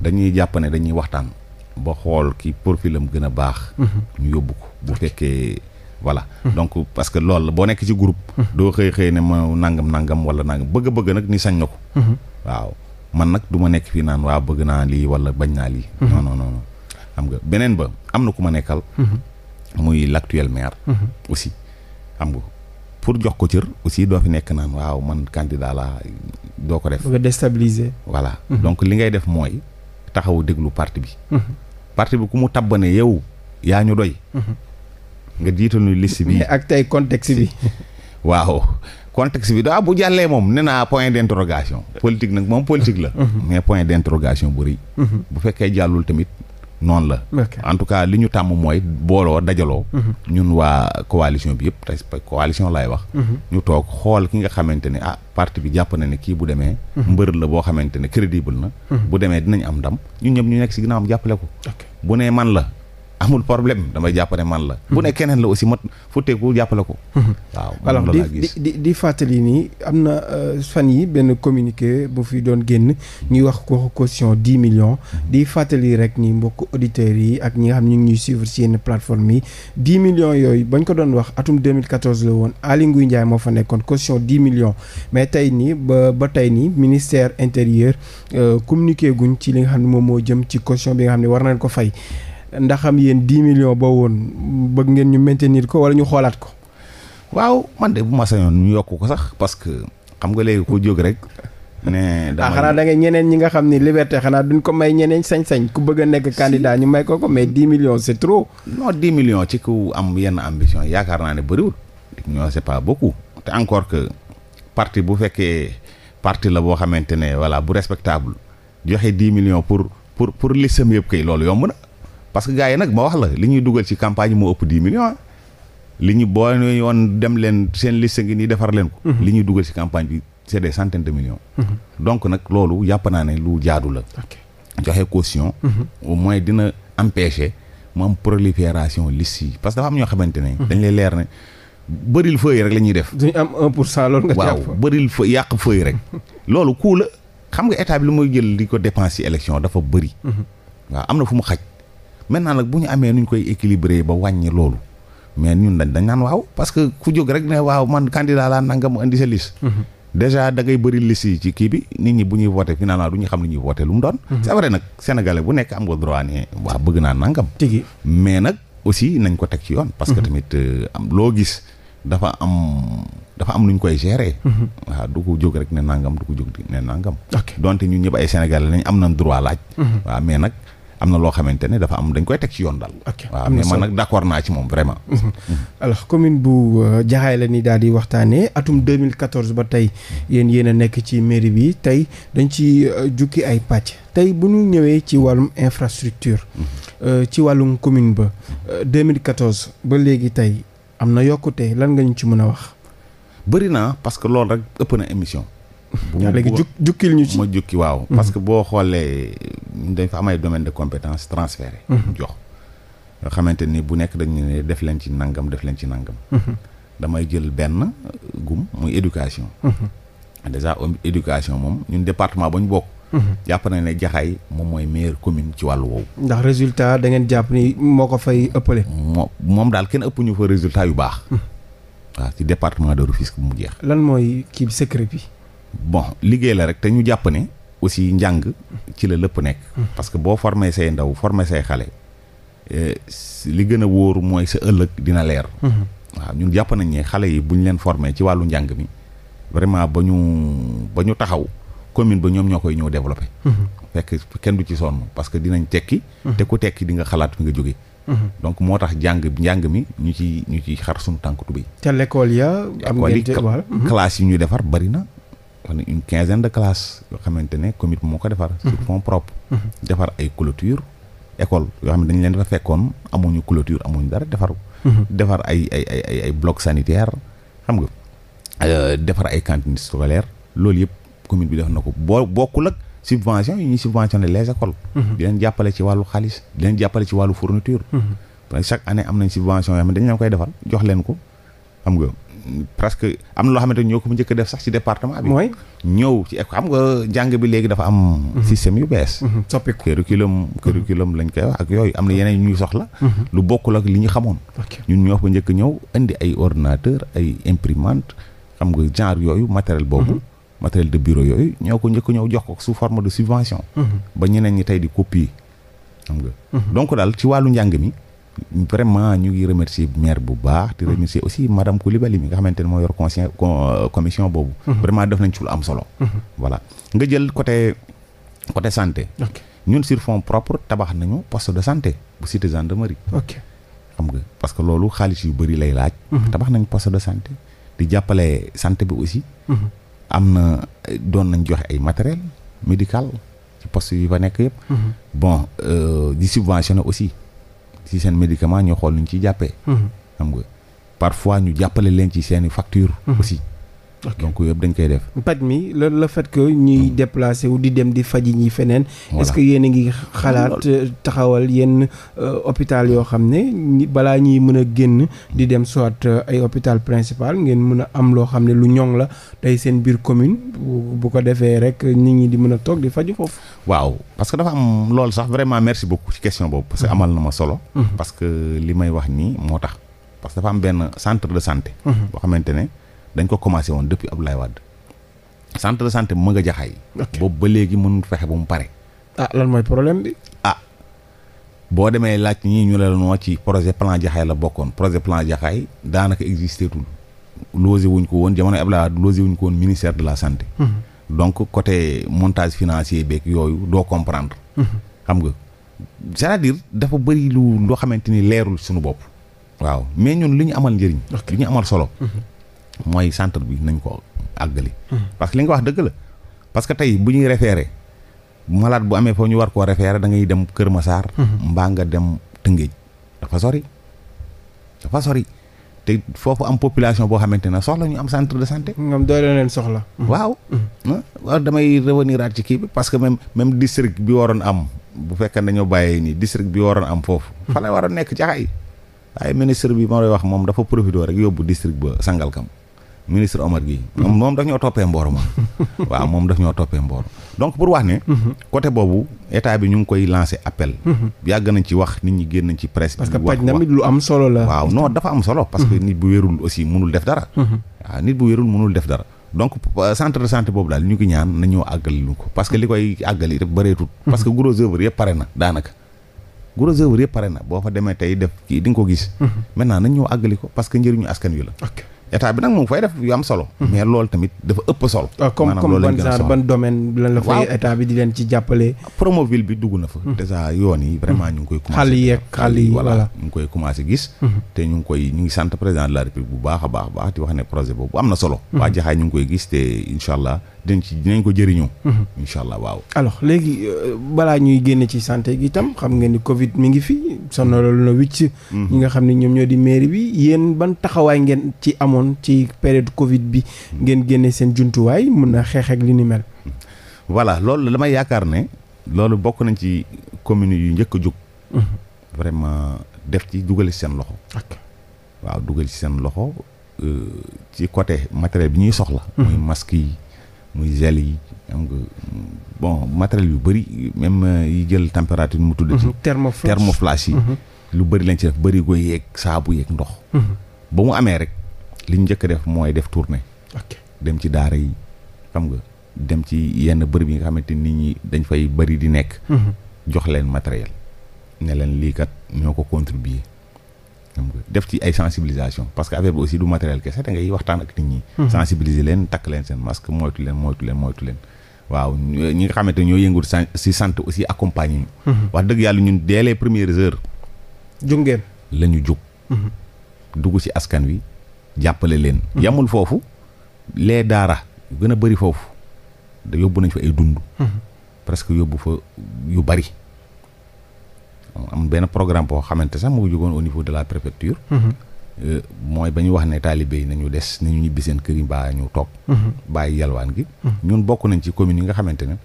dañuy jàpp ne dañuy waxtaan. ba xool ki profilam gën a baax. Mhm. ñu yóbbu ko bu fekkee voilà. Mhm. donc parce que loolu boo nekk ci groupe. doo xëy xëy ne ma nangam nangam wala nangam bëgg bëgg nag ni sañ na ko. waaw man nag du ma nekk fii naan waa bëgg naa lii wala bañ naa lii. non nga beneen am na ku ma nekkal. muy l'actuel maire. Mhm. aussi am nga pour jox ko cër aussi doo fi nekk naan waaw man candidat laa doo ko def. nga déstabiliser. voilà mhm. donc li ngay def mooy taxaw déglu parti bi. Mhm. parti bi ku mu tabbane yow yaa ñu doy. nga jiital ñu liste bi. mais ak tey contexte bi. waaw contexte bi daa bu jàllee moom nee naa point d'interrogation. politique nag moom politique la. mais point d'interrogation bu rëy. bu fekkee jàllul tamit noon la. en tout cas li ñu tàmm mooy booloo dajaloo. Mhm. ñun waa coalition bi yëpp te coalition laay wax. Mhm. ñu toog xool ki nga xamante ne ah bi jàpp na ne kii bu demee. Mhm. mbër la boo xamante ne crédible na. bu demee dinañ am ndam ñun ñëpp ñu nekk si ginnaawam jàppale ko. bu nee man la amul problème damay jàppale man la. bu ne keneen la aussi mat futteeku jàppale ko. Mhm. waaw alors di di di fàttali nii am na euh, fan yi benn communiqué bu fi doon génn ñuy wax ko costion dix millions. di fàttali rek ni mbokk auditeurs yi ak ñi nga xam ñu ngi ñuy suivre si yenn plateforme yi dix millions yooyu bañ ko doon wax atum 2014 la woon Aly Ngouille Ndiaye moo fa nekkoon caution dix millions mais tey nii ba ba tey nii ministère intérieur euh, communiqué guñ ci li nga xam ne moom moo jëm ci caution bi nga xam ne war nañ ko fay. ndaxam yéen 10 million ba woon bëgg ngeen ñu maintenir ko wala ñu xoolaat ko. waaw man de bu ma sañoon ñu yokk ko sax parce que xam nga léegi ko jóg rek. ne ah, dama xanaa da nga ñeneen ñi nga xam ni liberté xanaa duñ ko may ñeneen sañ-sañ ku bëgg a nekk candidat ñu may ko ko mais 10 millions c'est trop. non 10 millions ci ku am yenn ambition yaakaar naa ne bëriwul. ñoo c'est pas beaucoup. te encore que parti bu fekkee parti la boo xamante ne voilà bu respectable joxe 10 millions pour pour pour listam yëpp kay loolu yomb na. parce que gars yi nag ma wax la li ñuy dugal ci campagne moo ëpp dix millions ah. li ñu boo wan dem leen seen liste ngi nii defar leen ko. Mhm. li ñuy dugal ci campagne bi c'est des centaines de millions. Mhm. nag loolu yàpp naa ne lu jaadu la. joxe caution. Mhm. au moins dina empêcher mu am prolifération liste yi parce que dafa am ñoo xamante ne. dañ lay leer ne bëril feuille rek la ñuy def. am pour cent loolu waaw bëril fa yàq feuille rek. loolu ku xam nga état lu muy jël di ko dépense ci élection dafa bëri. waaw am na fu mu xaj. maintenant nag bu ñu amee nuñ koy équilibré ba wàññi loolu mais ñun dañ dañ naan waaw parce que ku jóg rek ne waaw man candidat laa nangam mu indi sa liste. Mhm. déjà da bëri liste yi ci kii bi nit ñi bu ñuy voté finalement du ñu xam li ñuy voté lu mu doon. Mhm. c'est vrai nag sénégalais bu bëgg naa nangam. tigi mais nag aussi nañ ko teg ci yoon. parce que mhm. tamit euh, loo gis dafa am dafa am lu koy gérer. waaw du ko jóg rek ne nangam du ko jóg ne nangam. donte ñun ñëpp ay sénégalais lañ am nañ droit laaj. waaw mais nag. am na loo xamante ne dafa am dañ koy teg ci yoon daal. ok waaw mais man nag d'accord naa ci moom vraiment. Mhm. alors commune bu euh, Jaxaay la ni daal di waxtaanee atum 2014 ba tey yéen yéen a nekk ci mairie bi tey dañ ci euh, jukki ay pàcc tey bu ñu ñëwee ci wàllum infrastructure. Mhm. Euh, ci wàllum commune ba 2014 ba léegi tey am na yokkute lan nga ñu ci mën a wax. bëri na parce que loolu rek ëpp na émission. léegi juk ñu ci ma jukki waaw. Mm-hmm. parce que boo xoolee dañ fa am ay domaine de compétence transféré. Mm-hmm. jox nga xamante ni bu nekk dañu ne def leen ci nangam def leen ci nangam. Mm-hmm. damay jël benn gum muy éducation. déjà éducation moom ñun département ba ñu bokk. jàpp na ne jaxaay moom mooy meilleure commune ci wàllu woowu. ndax résultat da ngeen jàpp ni moo ko fay ëppale. moo moom daal kenn ëpp ñu fa résultat yu baax. waaw si département de Rufisque bu mu jeex. lan mooy kii secret bi. bon liggéey la rek te ñu jàpp ne aussi njàng ci la lëpp nekk. Hmm. parce que boo formé say ndaw formé say xale. Eh, li gën a wóor mooy sa ëllëg dina leer. Hmm. waaw ñun jàpp nañ ne xale yi bu ñu leen formé ci wàllu njàng mi vraiment ba ñu ba ñu taxaw commune ba ñoom ñoo koy ñëw développé. Hmm. fekk kenn du ci sonn parce que dinañ tekki. te ku tekki di nga xalaat fi nga jóge donc moo tax jàng njàng mi ñu ci ñu ci xar suñu tànk tubéy. ca l'école ya. am ngeen classe yi ñuy defar bari na. on est une quinzaine de classes yoo xamante ne comité moo ko defar. Mhm. sur fonds propres. Mhm. defar ay clôture école yoo xam ne dañu leen fa fekkoon amuñu clôture amuñu dara defar. Mhm. defar ay ay ay ay bloc sanitaire xam nga euh, defar ay cantines scolaires loolu yëpp commune bi def na ko boo bokkul ak subvention yi ñuy subventionné les écoles. di leen jàppale ci wàllu xaalis di leen jàppale ci wàllu fourniture. parce que chaque année am nañ subvention yoo xam ne dañ leen koy defal jox leen ko xam nga. presque am na loo xamante ñoo ko mu njëkk def sax ci département bi. mooy ñëw ci école xam nga jàng bi léegi dafa am. Mhm. système yu bees. Mhm, soppiku curriculum mhm. curriculum lañ koy wax ak yooyu am na yeneen ñuy soxla. lu bokkul ak li ñu xamoon. ñun ñoo fa njëkk ñëw indi ay ordinateur ay imprimante xam nga genre yooyu matériel boobu. matériel de bureau yooyu ñoo ko njëkk ñëw jox ko sous forme de subvention. ba ñeneen ñi tey di copier xam nga. donc daal ci wàllu njàng mi. vraiment ñu ngi remercier maire bu baax di mm. remercier aussi madame Coulibaly mi nga xamante ne moo yor conseil euh, commission boobu mm-hmm. vraiment def nañ ci lu am solo mm-hmm. voilà nga jël côté côté santé ñun sur propre tabax nañu poste de santé bu cité gendarmerie ok xam nga parce que loolu xaalis yu bëri lay laaj mm-hmm. tabax nañ poste de santé di jàppale santé bi aussi am na doon nañ joxe ay matériel médical ci poste yi fa nekk yëpp bon euh, di subventionné aussi ci seen médicament ñu xool nuñ ciy jàppee. Mm-hmm. xam nga parfois ñu jàppale leen ci seen i facture mm-hmm. aussi donc yëpp dañ koy def. paj mi le la fait que ñuy hmm. déplacé wu di dem di faji ñi feneen. est-ce yéen a ngi xalaat euh, taxawal yenn euh, hôpital yoo xam ne balaa ñuy mën a génn di dem soit euh, ay hôpital principal ngeen mën a am loo xam ne lu ñoŋ la tey seen biir commune bu ko defee rek nit ñi di mën a toog di faju foofu. waaw parce que dafa am loolu sax vraiment merci beaucoup ci question boobu. parce que hmm. amal na ma solo. Hmm. parce que li may wax nii moo tax. parce que dafa am benn centre de santé. xamante ne. dañ ko commencé woon depuis Abdoulaye Wade centre de santé mu nga jaxaay boobu ba léegi mënul fexe ba mu pare. ah lan mooy problème bi. ah boo demee laaj ñii ñu la noo ci projet plan jaxaay la bokkoon projet plan jaxaay daanaka existé tul logé wuñ ko woon jamono Abdoulaye Wade logé wuñ ko woon ministère de la santé. Mhm. donc côté montage financier beeg yooyu doo comprendre. Mhm. xam nga c'est-à-dire dafa bëri lu loo xamante ni leerul suñu bopp. waaw mais ñun li ñu amal njëriñ. ñu solo. Mhm. mooy centre bi nañ ko àggali. Hmm. parce que li nga wax dëgg la parce que tey bu ñuy référé malade bu amee foofu ñu war koo référé da ngay dem Kër Massar. Hmm. mbaa nga dem Tëngéej dafa sori dafa sori te foofu am population boo xamante ne soxla ñu am centre de santé. ñoom doy leen soxla. Hmm. waaw. Ah, waaw damay revenir aat ci kii bi parce que même même district bi waroon am bu fekkee dañoo bàyyee nii district bi waroon am foofu. fa la war a nekk ci ay. waaye ministre bi ma lay wax moom dafa profité rek yóbbu district ba Sangalkam. ministre Omar Gueye. Mm-hmm. moom daf ñoo toppee mboor moom. waaw moom daf ñoo toppee mboor. donc pour wax ne. Mm-hmm. côté boobu état bi mm-hmm. nit ñi génn ci presse. parce que paj na lu am solo la. waaw non dafa am solo. parce que nit bu wérul aussi mënul def dara. waaw nit bu wérul mënul def dara. donc euh, centre de boobu daal ñu ngi ñaan na ñoo àggali lu ko parce que li koy àggali rek bëreetut. parce que gros œuvre pare na daanaka. gros œuvre pare na boo fa demee tey def kii ko gis. état bi nag moom fay def yu am solo. Mhm. mais loolu tamit dafa ëpp solo. Ah, maanaam loolu lañ a la fay état bi di leen ci jàppale. Ah, promoville bi dugg na fa. Mhm. dèjà yoon yi vraiment koy. commencé gis. Mhm. te ñu koy ñu ngi sant président de la république bu baax a baax a baax di wax ne projet boobu am na solo. waa jaxaay ñu ngi koy gis te incha allah dinañ ci ko jëriñoo. incha allah waaw. alors léegi euh, balaa ñuy génne ci santé gi itam xam ngeen ni Covid mi ngi fi sonaloon na wicc. ñi nga xam noonu ci période Covid bi ngeen génne seen juntuwaay mën na xeex ak li ni mel. voilà loolu dama yaakaar ne loolu bokk nañ ci communes yu njëkk a jóg. Mhm. vraiment def ci dugal seen loxo. waaw dugal ci seen loxo euh, ci côté matériel bi ñuy soxla. Mhm. muy masque yi muy gel yi am nga bon matériel yu bëri même euh, yi jël température mu tudd ci. Mhm. thermoflash yi. lu bëri lañ ci def bëri go yeeg saabu yeeg ndox. ba mu amee rek. li ñu njëkk a def mooy def tournée. ok dem ci daara yi xam nga dem ci yenn bërëb yi nga xamante nit ñi dañ fay bëri di nekk. Mhm. jox leen matériel. ne leen lii kat ñoo ko contribuer. xam nga def ci ay sensibilisation parce que affaire bi aussi du matériel kese da ngay waxtaan ak nit ñi. Mhm. sensibiliser leen takk leen seen masque moytu leen moytu leen moytu leen. waaw ñi nga xamante ñoo yëngu si sant aussi accompagner ñu. Mhm. wax dëgg yàlla ñun dès les premières heures. la ñu jóg. dugg ci askan wi. jàppale leen. Hmm. yamul foofu les daara yu gën a bëri foofu da yóbbu nañ fa ay dund. Hmm. presque yóbbu fa yu bëri. am benn programme boo xamante sax mu jógoon au niveau de la préfecture. Hmm. Euh, mooy ba ñu wax ne taalibe yi nañu des nañu ñibbi seen kër yi mbaa ñu toog. bàyyi yalwaan gi. ñun bokk nañ ci commune yi nga xamante ne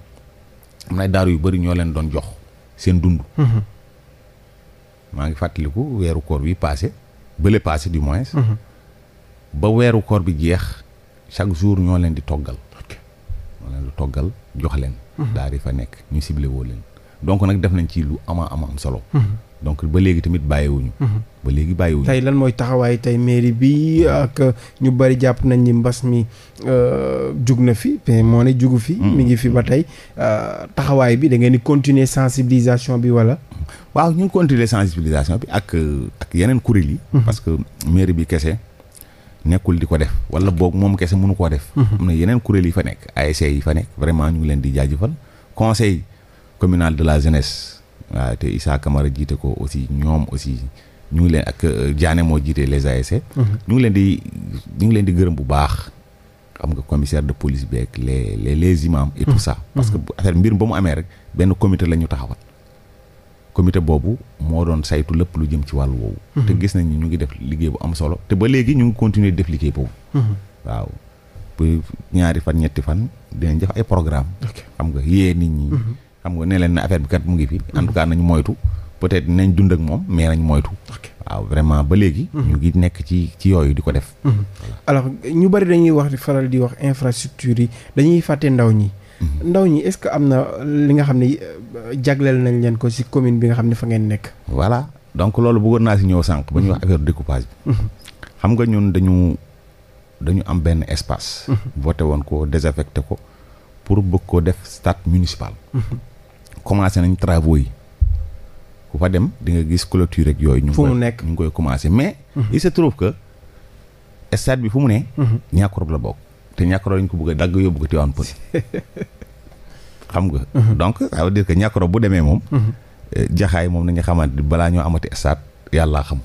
am na ay yu bëri ñoo leen doon jox seen dund. maa ngi fàttaliku weeru koor wi passé bële passé du moins. ba weeru koor bi jeex chaque jour ñoo leen di toggal toggal jox leen mhm. daal di fa nekk ñu ciblé woo leen donc nag def nañ ci lu ama ama am solo mhm. donc ba léegi tamit bàyyiwuñu mhm. ba léegi bàyyiwuñu tey lan mooy taxawaay tey mairie bi ak ñu bari jàpp nañ ni mbas mi euh, jug na fi mais moo ne jugu fi mi ngi fi ba tey euh, taxawaay bi da ngeen di continuer sensibilisation bi wala waaw ñu ngi continuer sensibilisation bi ak ak yeneen kuréel yi que mairie bi kese nekkul di ko def wala boog moom kese mënu koo def. Mhm. am na yeneen kuréel yi fa nekk ASC yi fa nekk vraiment ñu ngi leen di jaajëfal conseil communal de la jeunesse waaw te Issa Camara jiite ko aussi ñoom aussi ñu ngi leen ak euh, Diané moo jiite les ASC. Mhm. ñu ngi leen di ñu ngi leen di gërëm bu baax xam nga commissaire de police beeg les les les imams. et mhm. tout ça parce que affaire mbir ba mu amee rek benn comité la ñu taxawal. comité boobu moo doon saytu lépp lu jëm ci wàllu woowu. Mhm. te gis nañ ñu ngi def liggéey bu am solo te ba léegi ñu ngi continuer def liggéey boobu. Mhm. waaw bu ñaari fan ñetti fan dinañ def ay programme xam nga yee nit ñi. Mhm. xam nga ne leen ne affaire bi kat mu ngi fi. en tout cas nañ moytu peut-être nañ dund ak moom mais nañ moytu. waaw vraiment ba léegi. ñu ngi nekk ci yooyu di ko def. alors ñu bari dañuy wax faral di wax infrastructure yi dañuy fàtte ndaw ndaw ñi est-ce que am na li nga xam ne euh, jagleel nañ leen ko ci commune bi nga xam ne fa ngeen nekk. voilà donc loolu bëggoon naa si ñëw sànq. ba ñu wax affaire découpage bi. Mhm. xam nga ñun dañu dañu am benn espace. Mhm. voté woon ko désaffecté ko pour bëgg ko def stade municipal. Mhm. commencé nañ travaux yi. ku fa dem di nga gis clôture ak yooyu. fu mu nekk ñu ngi koy commencé mais. il se trouve que stade bi fu mu ne. Niakour la bokk. te ñàkkoro lañ ko bëgg a dagg yóbbu ko xam nga donc ça veut dire que moom mm-hmm. jaxaay moom nañu xamante balaa ñoo amati stade yàllaa xam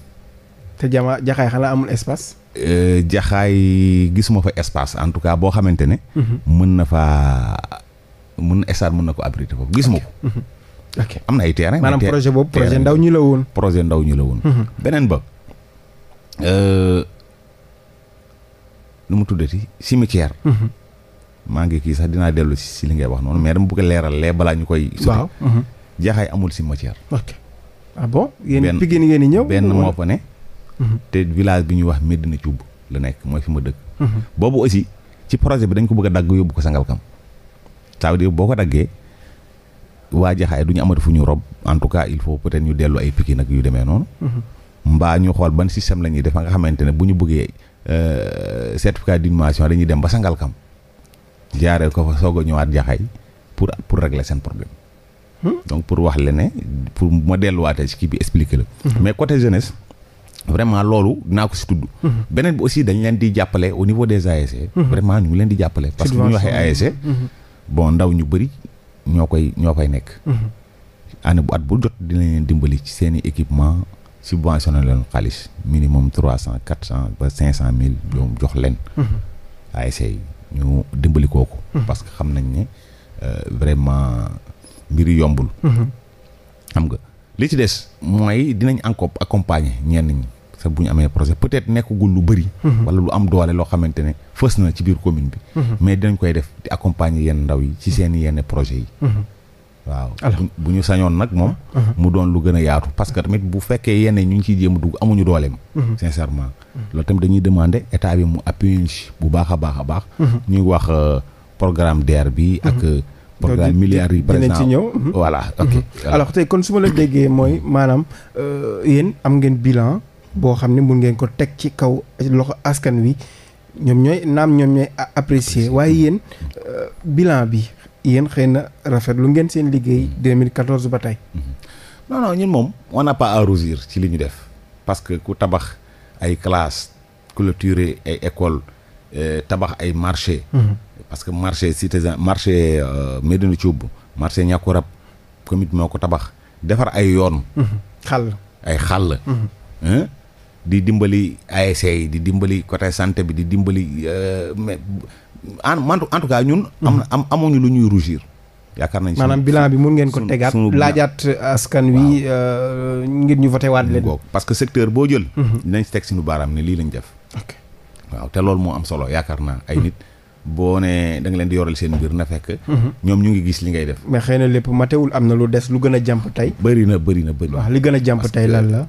te jama jaxaay xanaa amul espace euh, jaxaay gisuma fa espace en tout cas boo xamante ne mm-hmm. mën na faa mën stade mën na ko abriter foofu gisuma ko mm-hmm. ok am na ay terrain maanaam projet la woon ndaw ñu la woon beneen ba euh, nu mu tuddati cimetière. Mhm. maa ngi kii sax dinaa dellu si si li ngay wax noonu mais dama bëgg a leeral lee balaa ñu koy. waaw mhm. jaaxaay amul cimetière. ok ah bon yéen Pikine ngeen di ñëw benn moo fa ne. Mhm. te village bi ñuy wax Medina Thioub la nekk mooy fi ma dëkk. boobu aussi ci projet bi dañ ko bëgg a dagg yóbbu ko Sangalkam. ça veut dire boo ko daggee waa jaxaay du ñu amati fu ñu rob en tout cas il faut peut-être ñu dellu ay Pikine nag yu demee noonu. mbaa ñu xool ban système la ñuy nga Euh, certificat d'inhumation dañuy dem ba Sangalkam jaaree ko fa soog a ñëwaat jaxaay pour pour régler seen problème. Hmm? donc pour wax la ne pour ma delluwaatee kii bi expliquer la. Hmm. mais côté jeunesse. vraiment loolu dinaa ko si tudd. Hmm. beneen bi aussi dañ leen di jàppale au niveau des ASC. E. vraiment ñu ngi leen di jàppale. parce que bu ñu a ASC. E, bon ndaw ñu bëri ñoo koy ñoo koy nekk. année bu at bu jot dinañ dimbali ci seen subventionné leen xaalis minimum trois cent quatre cent ba cinq cent mille ñoom jox leen. Mhm. ASC yi ñu dimbali ko mhm. parce que xam nañ ne euh, vraiment mbir yombul. Mhm. xam nga li si des mooy dinañ encore accompagner ñenn ñi sa bu ñu amee projet peut-être nekkagul lu bëri. wala lu am doole loo xamante ne fës na ci biir commune bi. mais dinañ koy def di accompagner yenn ndaw yi ci seen yenn projet yi. waaw bu ñu sañoon nag moom uh-huh. mu doon lu gën a yaatu parce que tamit bu fekkee yenn ñu ngi ciy jéem a dugg amuñu dooleem uh-huh. sincèrement uh-huh. loolu tamit dañuy demander état bi mu appuyé bu baax a baax a baax ñu wax euh, programme DER bi ak euh, programme milliards yi par exemple ci ñëw voilà ok alors tey kon su ma la déggee mooy maanaam euh, yéen am ngeen bilan boo xam ne mun ngeen ko teg ci kaw loxo askan wi ñoom ñooy naam ñoom ñooy apprécier waaye yéen mm-hmm. bilan bi yéen xëy na rafet lu ngeen seen liggéey mille 2014 ba tey. Mm-hmm. non non ñun moom on n'a pas à rougir ci lu ñu def parce que ku tabax ay classes clôturer ay écoles euh, tabax ay marché mm-hmm. parce que marché citoyen marché euh, Médina Thioub marché Ñàkkurab comité moo ko tabax defar ay yoon. Mm-hmm. xàll ay xàll. di dimbali ASC e yi di dimbali côté santé bi di dimbali euh, en en tout cas ñun. am mhm. am amuñu lu ñuy rougir. yaakaar nañ maanaam bilan bi mun ngeen ko tegaat laajaat euh, askan wi euh, ngir ñu voté waat leen parce que secteur boo jël mhm. nañ si teg suñu baaraam ne lii lañ def waaw te loolu moo am solo yaakaar naa ay mhm. nit boo ne da nga leen di yoral seen mbir na fekk ñoom ñu ngi gis li ngay def ma xëy na lépp matewul am na lu des lu gën a jàmp tey bëri na bëri na bëri waaw li gën a jàmp tey lan la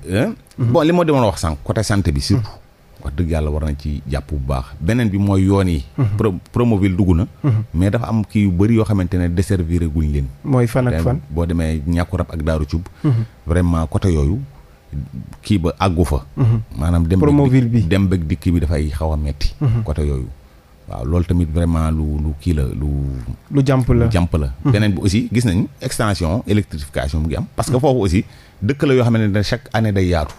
bon li moo demoon wax sànq côté santé bi surtout wax dëgg yàlla war na ci jàpp bu baax beneen bi mooy yoon yi. Mhm. promoville dugg na. Mhm. mais dafa am kii yu bëri yoo xamante ne desservir guñ leen. mooy fan ak fan boo demee ñàkku rab ak daaru cub. Mhm. vraiment côté yooyu ba àggu fa. maanaam dem promoville bi dem bëgg dikk bi dafay xaw a metti côté yooyu. waaw loolu tamit vraiment lu lu kii la lu. lu jàmp la jàmp la. beneen bi aussi gis nañ extension électrification mu ngi am. parce que foofu aussi dëkk la yoo xamante ne chaque année day yaatu.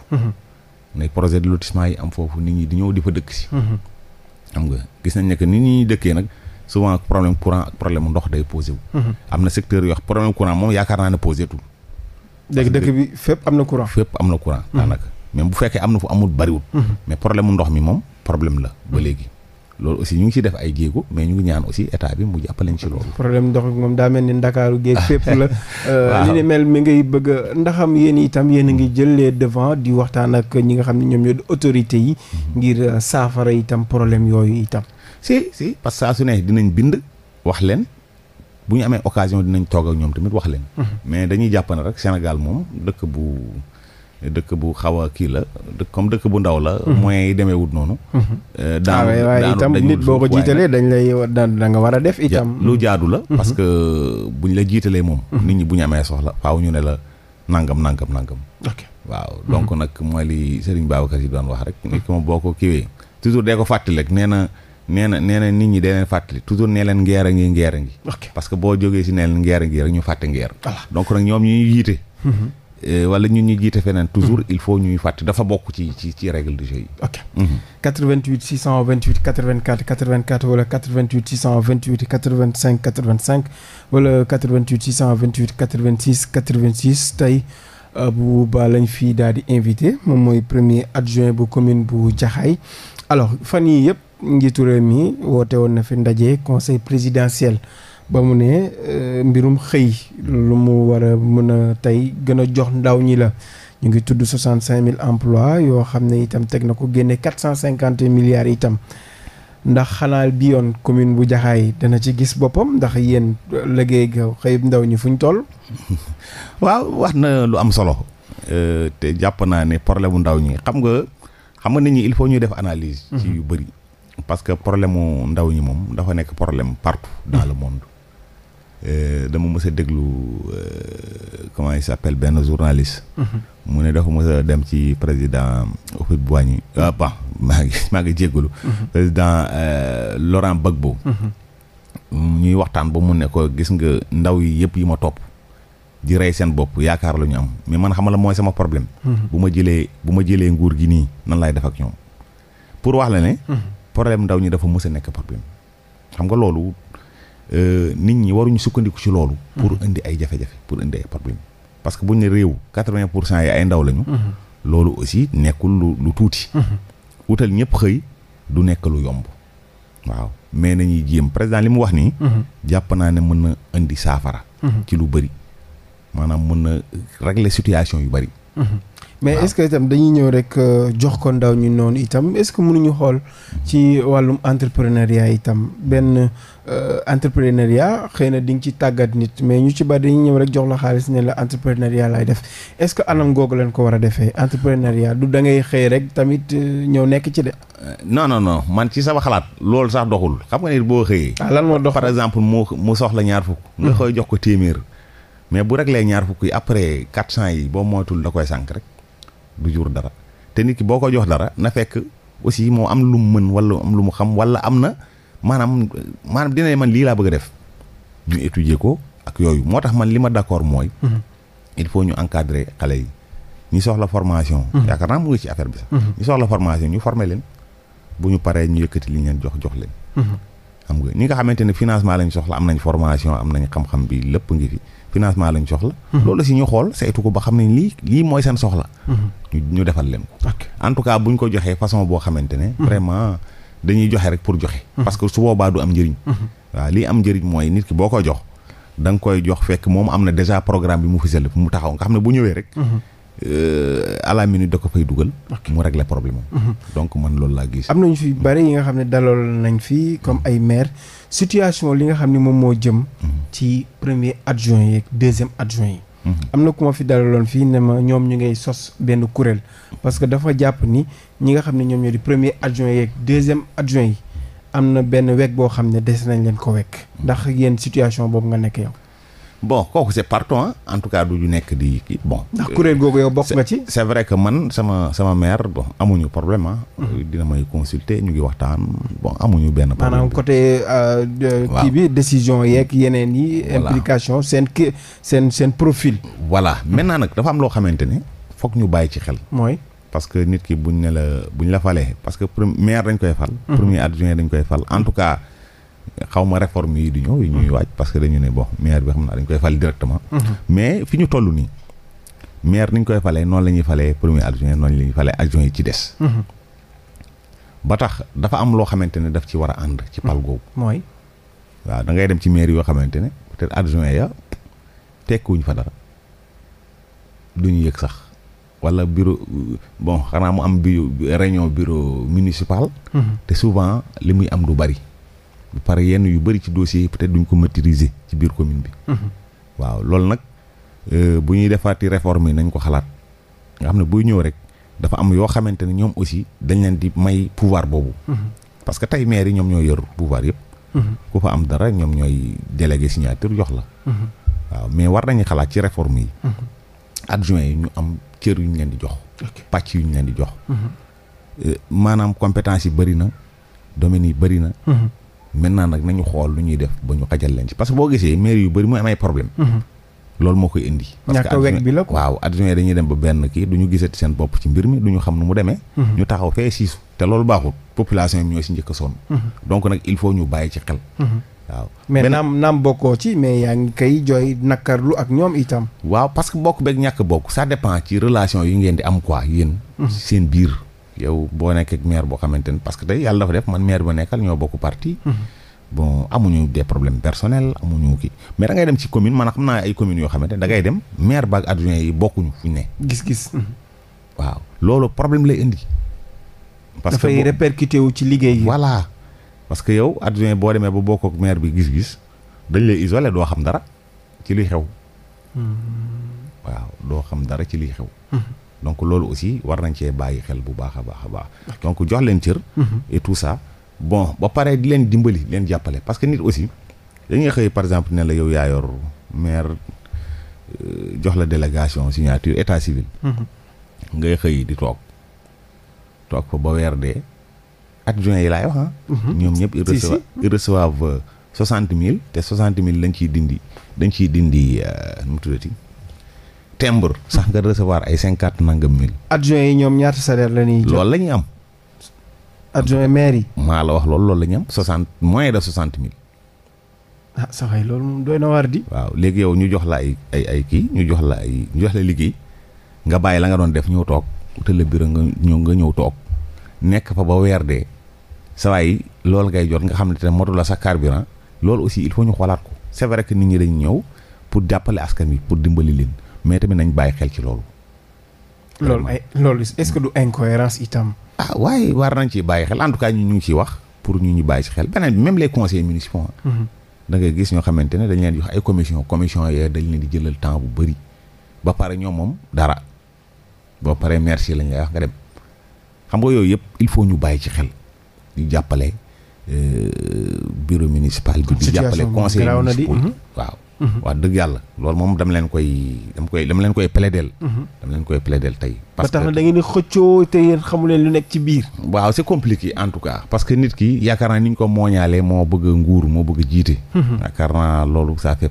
ne projet de lotissement yi am foofu nit ñi di ñëw di fa dëkk si. Mhm. xam nga gis nañ ne que nit ñi dëkkee nag souvent problème courant ak problème ndox day posé mhm. am na secteur yoo problème courant moom yaakaar naa ne posé tul. dëgg dëkk bi fépp am na courant. fépp am na courant. Mhm. daanaka même bu fekkee am na fu amul bariwul. mais problème ndox mi moom problème la ba léegi. loolu aussi ñu ngi ciy def ay jéego mais ñu ngi ñaan aussi état bi mu jàppaleñ ci loolu. problème ndox bi moom daa mel ni Ndakaaru géej fépp la. Euh, li ni mel mi ngay bëgg ndaxam yéen itam yéen a ngi jëlee devant di waxtaan ak ñi nga xam ne ñoom ñoo di autorités yi. Mhm. ngir euh, saafara itam problème yooyu itam. si si parce que saa su ne dinañ bind wax leen bu ñu amee occasion dinañ toog ak ñoom tamit wax leen. Mhm. mais dañuy jàpp rek senegal moom dëkk bu. dëkk bu xaw a kii la comme dëkk bu ndaw la. Mhm. moyens yi demeewut noonu. Mhm. Euh, ah, daanu waaye nit boo ko jiitalee dañ lay da war a def itam. lu jaadu la. Mhm. parce que buñ la jiitalee moom. nit ñi bu ñu amee soxla faaw ñu ne la nangam nangam nangam. waaw donc nag mooy li Serigne Babacar yi doon wax rek. nit moom boo ko kiiwee toujours dee ko fàttali rek nee na nee na nee na nit ñi dee leen fàttali toujours nee leen ngeer a ngi ngeer a ngi. parce que boo jógee si nee leen ngeer a ngi rek ñu Euh, wala ñun ñu jiite feneen toujours il faut ñuy fàtte dafa bokk ci ci ci règle du jeu yi. ok 88 628 84 84 wala 88 628 85 85 wala 88 628 86 86 tey euh, bu ba lañ fii daal di invité moom mooy premier adjoint bu commune bu Jaxaay alors fan yii yëpp njiitu réew mi woote woon na fi ndaje conseil présidentiel. ba mu ne euh, mbirum xëy lu mu war a mën a tey gën a jox ndaw ñi la ñu ngi tudd mille emplois yoo xam ne itam teg na ko génne 450 milliards itam ndax xanaal bi yoon commune bu Jaxaay dana ci gis boppam ndax yéen liggéey ga xëyub ndaw ñi fu ñu toll. waaw wax na lu am solo. Euh, te jàpp naa ne problème mu ndaw ñi xam nga xam nga nit ñi il faut ñuy def analyse. Mm-hmm. ci yu bëri parce que problème ndaw ñi moom dafa nekk problème partout dans le monde. Euh, dama mës a déglu euh, comment il s'appelle benn journaliste. Mhm. mu ne dafa mës a dem ci président Houphouët-Boigny mhm. ah, maa ngi maa ngi jéggalu. Mhm. président euh, Laurent Gbagbo. ñuy waxtaan ba mu ne ko gis nga ndaw yi yëpp yi ma topp. ji rey seen bopp yaakaar la am mais man xamala mooy sama problème. bu ma jëlee bu ma jëlee nguur gi nii nan laay def ak ñoom. pour wax la ne. problème ndaw ñi dafa mës a nekk problème. xam nga loolu Euh, nit ñi waruñu sukkandiku ci loolu. pour mm-hmm. indi ay jafe-jafe pour indi ay problème parce bu ñu ne réew quatre-vingt pour cent yi ay ndaw lañu. Mm-hmm. loolu aussi nekkul lu lu tuuti. Mm-hmm. utal ñëpp xëy du nekk lu yomb. waaw mais nañuy jéem président li mu wax nii. jàpp naa ne mën na indi saafara. ci lu bëri maanaam mën na régler situation yu bëri. mais est-ce que itam dañuy ñëw rek euh, jox ko ndaw ñu noonu itam est-ce que mënuñu xool ci wàllum entrepreneuriat itam benn euh, entrepreneuriat xëy na di nga ci tàggat nit mais ñu ci bari dañuy ñëw rek jox la xaalis ne la entrepreneuriat laay def est-ce que anam googu leen ko war a defee entrepreneuriat du dangay ngay xëy rek tamit euh, ñëw nekk ci de. non non man ci sama xalaat loolu sax doxul xam nga ni boo xëyee. Ah, lan moo dox par exemple mu mu soxla ñaar fukk. nga hmm. koy jox ko téeméer. mais bu rek lee ñaar fukk yi après quatre cent yi boo moytul da koy sànq rek. du jur dara te nit ki boo ko jox dara na fekk aussi moo am lu mu mën wala am lu mu xam wala am na maanaam maanaam dina man lii laa bëgg a def ñu étudier ko ak yooyu moo tax man li ma d'accord mooy. Mhm. il faut ñu encadrer xale yi. ñi soxla formation. Mhm. yaakaar naa mu ngi ci affaire bi sax. Mhm. soxla formation ñu former leen bu ñu paree ñu yëkkati li ñu leen jox jox leen. nga ñi nga xamante ne financement lañ soxla am nañ formation am nañ xam-xam bi lépp ngi fi. financement lañ soxla. loolu si ñu xool saytu ko ba xam ne lii lii mooy seen soxla. ñu ñu defal leen ko. en tout cas bu ñu ko joxee façon boo xamante ne. vraiment dañuy joxe rek pour joxe. parce que su du am njëriñ. waaw lii am njëriñ mooy nit ki boo ko jox. da nga koy jox fekk moom am na déjà programme bi mu fisale mu taxaw nga xam ne bu ñëwee rek. Euh, à la minute da ko fay dugal. mu régler problème am. Mhm. donc man loolu laa gis. am nañu fi bari yi nga xam ne dalool nañ fii comme mhm. ay maire situation li nga xam ne moom moo jëm. Mhm. ci premier adjoint yi ak deuxième adjoint yi. am na ku ma fi fii ne ma ñoom ñu ngay sos benn kuréel. parce que dafa jàpp ni ñi nga xam ne ñoom ñoo di premier adjoint yeeg deuxième adjoint yi am na benn wekk boo xam ne des nañ leen ko wekk. ndax yéen situation boobu nga nekk yow. bon kooku c'est partout en tout cas du ñu nekk di kii bon. ndax kuréel googu yow bokk nga euh, ci. c'est vrai que man sama sama mère bon amuñu problème ah. dina may consulter ñu ngi waxtaan bon amuñu benn. problème maanaam côté. Euh, euh, waaw bi décision yeeg yeneen yi. implication seen ki seen seen profil. voilà maintenant nag dafa am loo xamante ne fokk ñu bàyyi ci xel. mooy. parce que nit ki buñ ne la buñ la falee parce que premier maire dañ koy fal. Mm-hmm. premier adjoint dañ koy fal en tout cas. xaw ma réforme yi di ñëw yu ñuy mhm. waaj parce que dañu ne bon maire bi xam naa dañ koy fal directement. Mhm. mais fi ñu toll nii maire ni ñu koy fale noonu la ñuy falee premier adjoint noonu la ñuy falee yi ci des. Mhm. ba tax dafa am loo xamante ne daf ci war a ànd. ci pal googu mooy. waaw da ngay dem ci maire yoo xamante ne peut-être adjoint ya tekkuwuñ fa dara du ñu yëg sax. wala bureau bon xanaa mu am bi réunion bureau municipal. te souvent li muy am du bari. par yenn yu bëri ci dossiers yi peut-être duñ ko maîtriser ci biir commune bi. Mhm. waaw loolu nag euh, bu ñuy defaati réforme yi nañ ko xalaat nga xam ne booy ñëw rek dafa am yoo xamante ne ñoom aussi dañ leen di may pouvoir boobu. Mhm. parce que tey maire yi ñoom ñoo yor pouvoir yëpp. Mhm. ku fa am dara ñoom ñooy délégué signature jox la. waaw mais war nañu xalaat ci réforme yi. adjoint yi ñu am cër yu ñu di jox. pàcc yu ñu leen di jox. Euh, maanaam compétence yi bëri na domaines yi bëri maintenant nag nañu xool lu ñuy def ba ñu xajal leen ci parce que boo gisee maire yu bëri mu am ay problème mhm. loolu moo koy indi parce que weg bi la waaw adjoint yi dañuy dem ba benn kii du ñu gisati seen bopp ci mbir mi du ñu xam nu mu demee mhm. ñu taxaw fee siisu te loolu baaxul population yi ñoo si njëkk a sonn mhm. donc nag il faut ñu bàyyi ci xel waaw mais naam naam bokkoo ci mais yaa ngi koy jooy nakarlu ak ñoom itam waaw parce que bokk beeg ñàkk bokk sa dépend ci relation yi ngeen di am quoi yéen seen biir yow boo nekkee ak maire boo xamante ne parce que tey yàlla dafa def man maire ba nekkal ñoo bokk parti. Mhm. bon amuñu des problèmes personnels amuñu ki mais da ngay dem ci commune man xam naa ay communes yoo xamante ne da ngay dem maire ba ak adjoint yi bokkuñu fu ñu ne. gis-gis. Mhm. waaw loolu problème lay indi. parce que dafay wu ci liggéey voilà parce que yow adjoint boo demee ba bokk ak maire bi gis-gis dañ lay isolé doo xam dara ci liy xew. Mhm. waaw doo xam dara ci liy xew. donc loolu aussi war nañ cee bàyyi xel bu baax a baax a baax donc jox leen cër mhm. et tout ça bon ba pare di leen dimbali leen jàppale parce que nit aussi dañuy xëy par exemple ne la yow maire euh, jox la délégation signature état civil mhm. ngay xëy di toog toog fa ba weer dee adjoint yi laay wax ah mhm. ñoom ñëpp ils reçoivent euh, soixante mille te soixante mille lañ ciy dindi dañ ciy dindi euh, nu mu tuddati timbre sax nga recevoir ay cinquante nangam mille. adjoint yi ñoom ñaata salaire la ñuy. loolu la ñuy am. adjoint maire yi. maa la wax lool loolu la ñuy am soixante moins de soixante mille. ah sa waay loolu moom na waar di. waaw léegi yow ñu jox la ay ay kii ñu jox la ay ñu jox la liggéey nga bàyyi la nga doon def ñëw toog utale bureau nga ñëw nga ñëw toog nekk fa ba weer dee sa waay loolu ngay jot nga xam ne te motu la sa carburant loolu aussi il faut ñu xoolaat mais tamit nañ bàyyi xel ci loolu. loolu ay loolu est-ce que du incohérence itam. ah waaye war nañ ci bàyyi xel en tout cas ñu ngi ciy wax pour ñu ñu bàyyi ci xel beneen bi même les conseillers municipaux. Ah. Mhm. da ngay gis ñoo xamante ne dañ leen di jox ay commission ba pare ñoom moom dara boo paree merci lañ lay wax nga nga yooyu yëpp il faut ñu bàyyi ci xel jàppale euh, bureau municipal bi. di jàppale conseil municipal mhm. waaw. wax dëgg yàlla loolu moom dama leen koy dama koy dama leen koy plaidel mhm. dama leen koy ba ko mooñaalee moo bëgg nguur moo bëgg jiite mhm. yaakaar loolu ça fait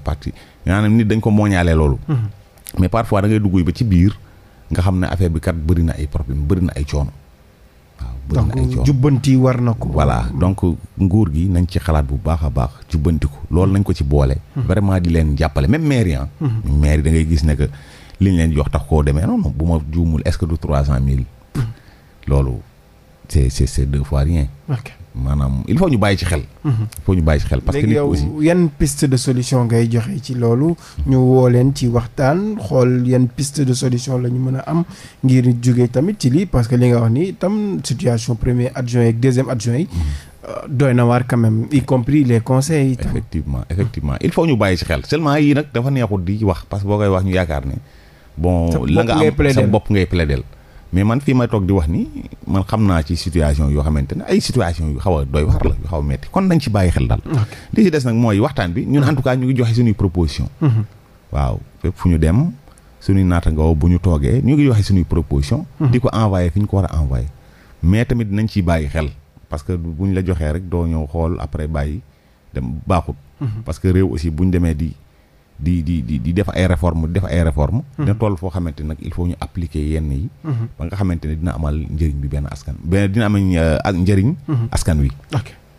nit dañ ko mooñaalee loolu mhm. mais parfois da ngay dugg ba ci nga xam ne affaire bi kat ay problème bëri ay coono waaw donc jubbanti war na ko. voilà donc nguur gi nañ ci xalaat bu baax a baax jubbanti ko loolu nañ ko ci boole. Hmm. vraiment di leen jàppale même maire yi ah. Hmm. maire yi da ngay gis ne que li ñu leen jox tax koo demee non non bu ma juumul est-ce que du trois cent mille. Hmm. loolu c'est c'est c'est deux fois rien. ok maanaam il faut ñu bàyyi ci xel. Mhm. il faut ñu bàyyi ci xel parce que. nit aussi léegi yow yan piste de solution ngay joxe ci loolu. ñu woo leen ci waxtaan xool yan piste de solution la ñu mën a am ngir jóge tamit ci lii parce que li nga wax ni tam situation premier adjoint ak deuxième adjoint yi. Mhm. Euh, doy na waar quand même y compris les conseils. effectivement effectivement il faut ñu bàyyi ci xel seulement yi nag dafa neexut di wax parce que boo koy wax ñu yaakaar ne. bon la nga am sa bopp ngay mais man fii ma toog di wax ni man xam naa ci situation yoo xamante ne ay situation yu xaw a doy la yu xaw metti kon nañ ci bàyyi xel daal li ci des nag mooy waxtaan bi ñun en tout cas ñu ngi joxe suñuy proposition mm-hmm. waaw fépp fu ñu dem suñuy naatangoo bu ñu toogee ñu ngi joxe suñuy proposition mm-hmm. di ko envoyé fu ñu ko war a envoyé mais tamit nañ ciy bàyyi xel parce que bu ñu la joxee rek doo ñëw xool après bàyyi dem baaxut mm-hmm. parce que réew aussi bu ñu demee di di di di di def ay réforme di def ay réforme hmm. dina toll foo xamante nag il faut ñu appliquer yenn yi hmm. ba nga xamante ne dina amal njëriñ bi benn askan benn dina amal euh, njëriñ hmm. askan wi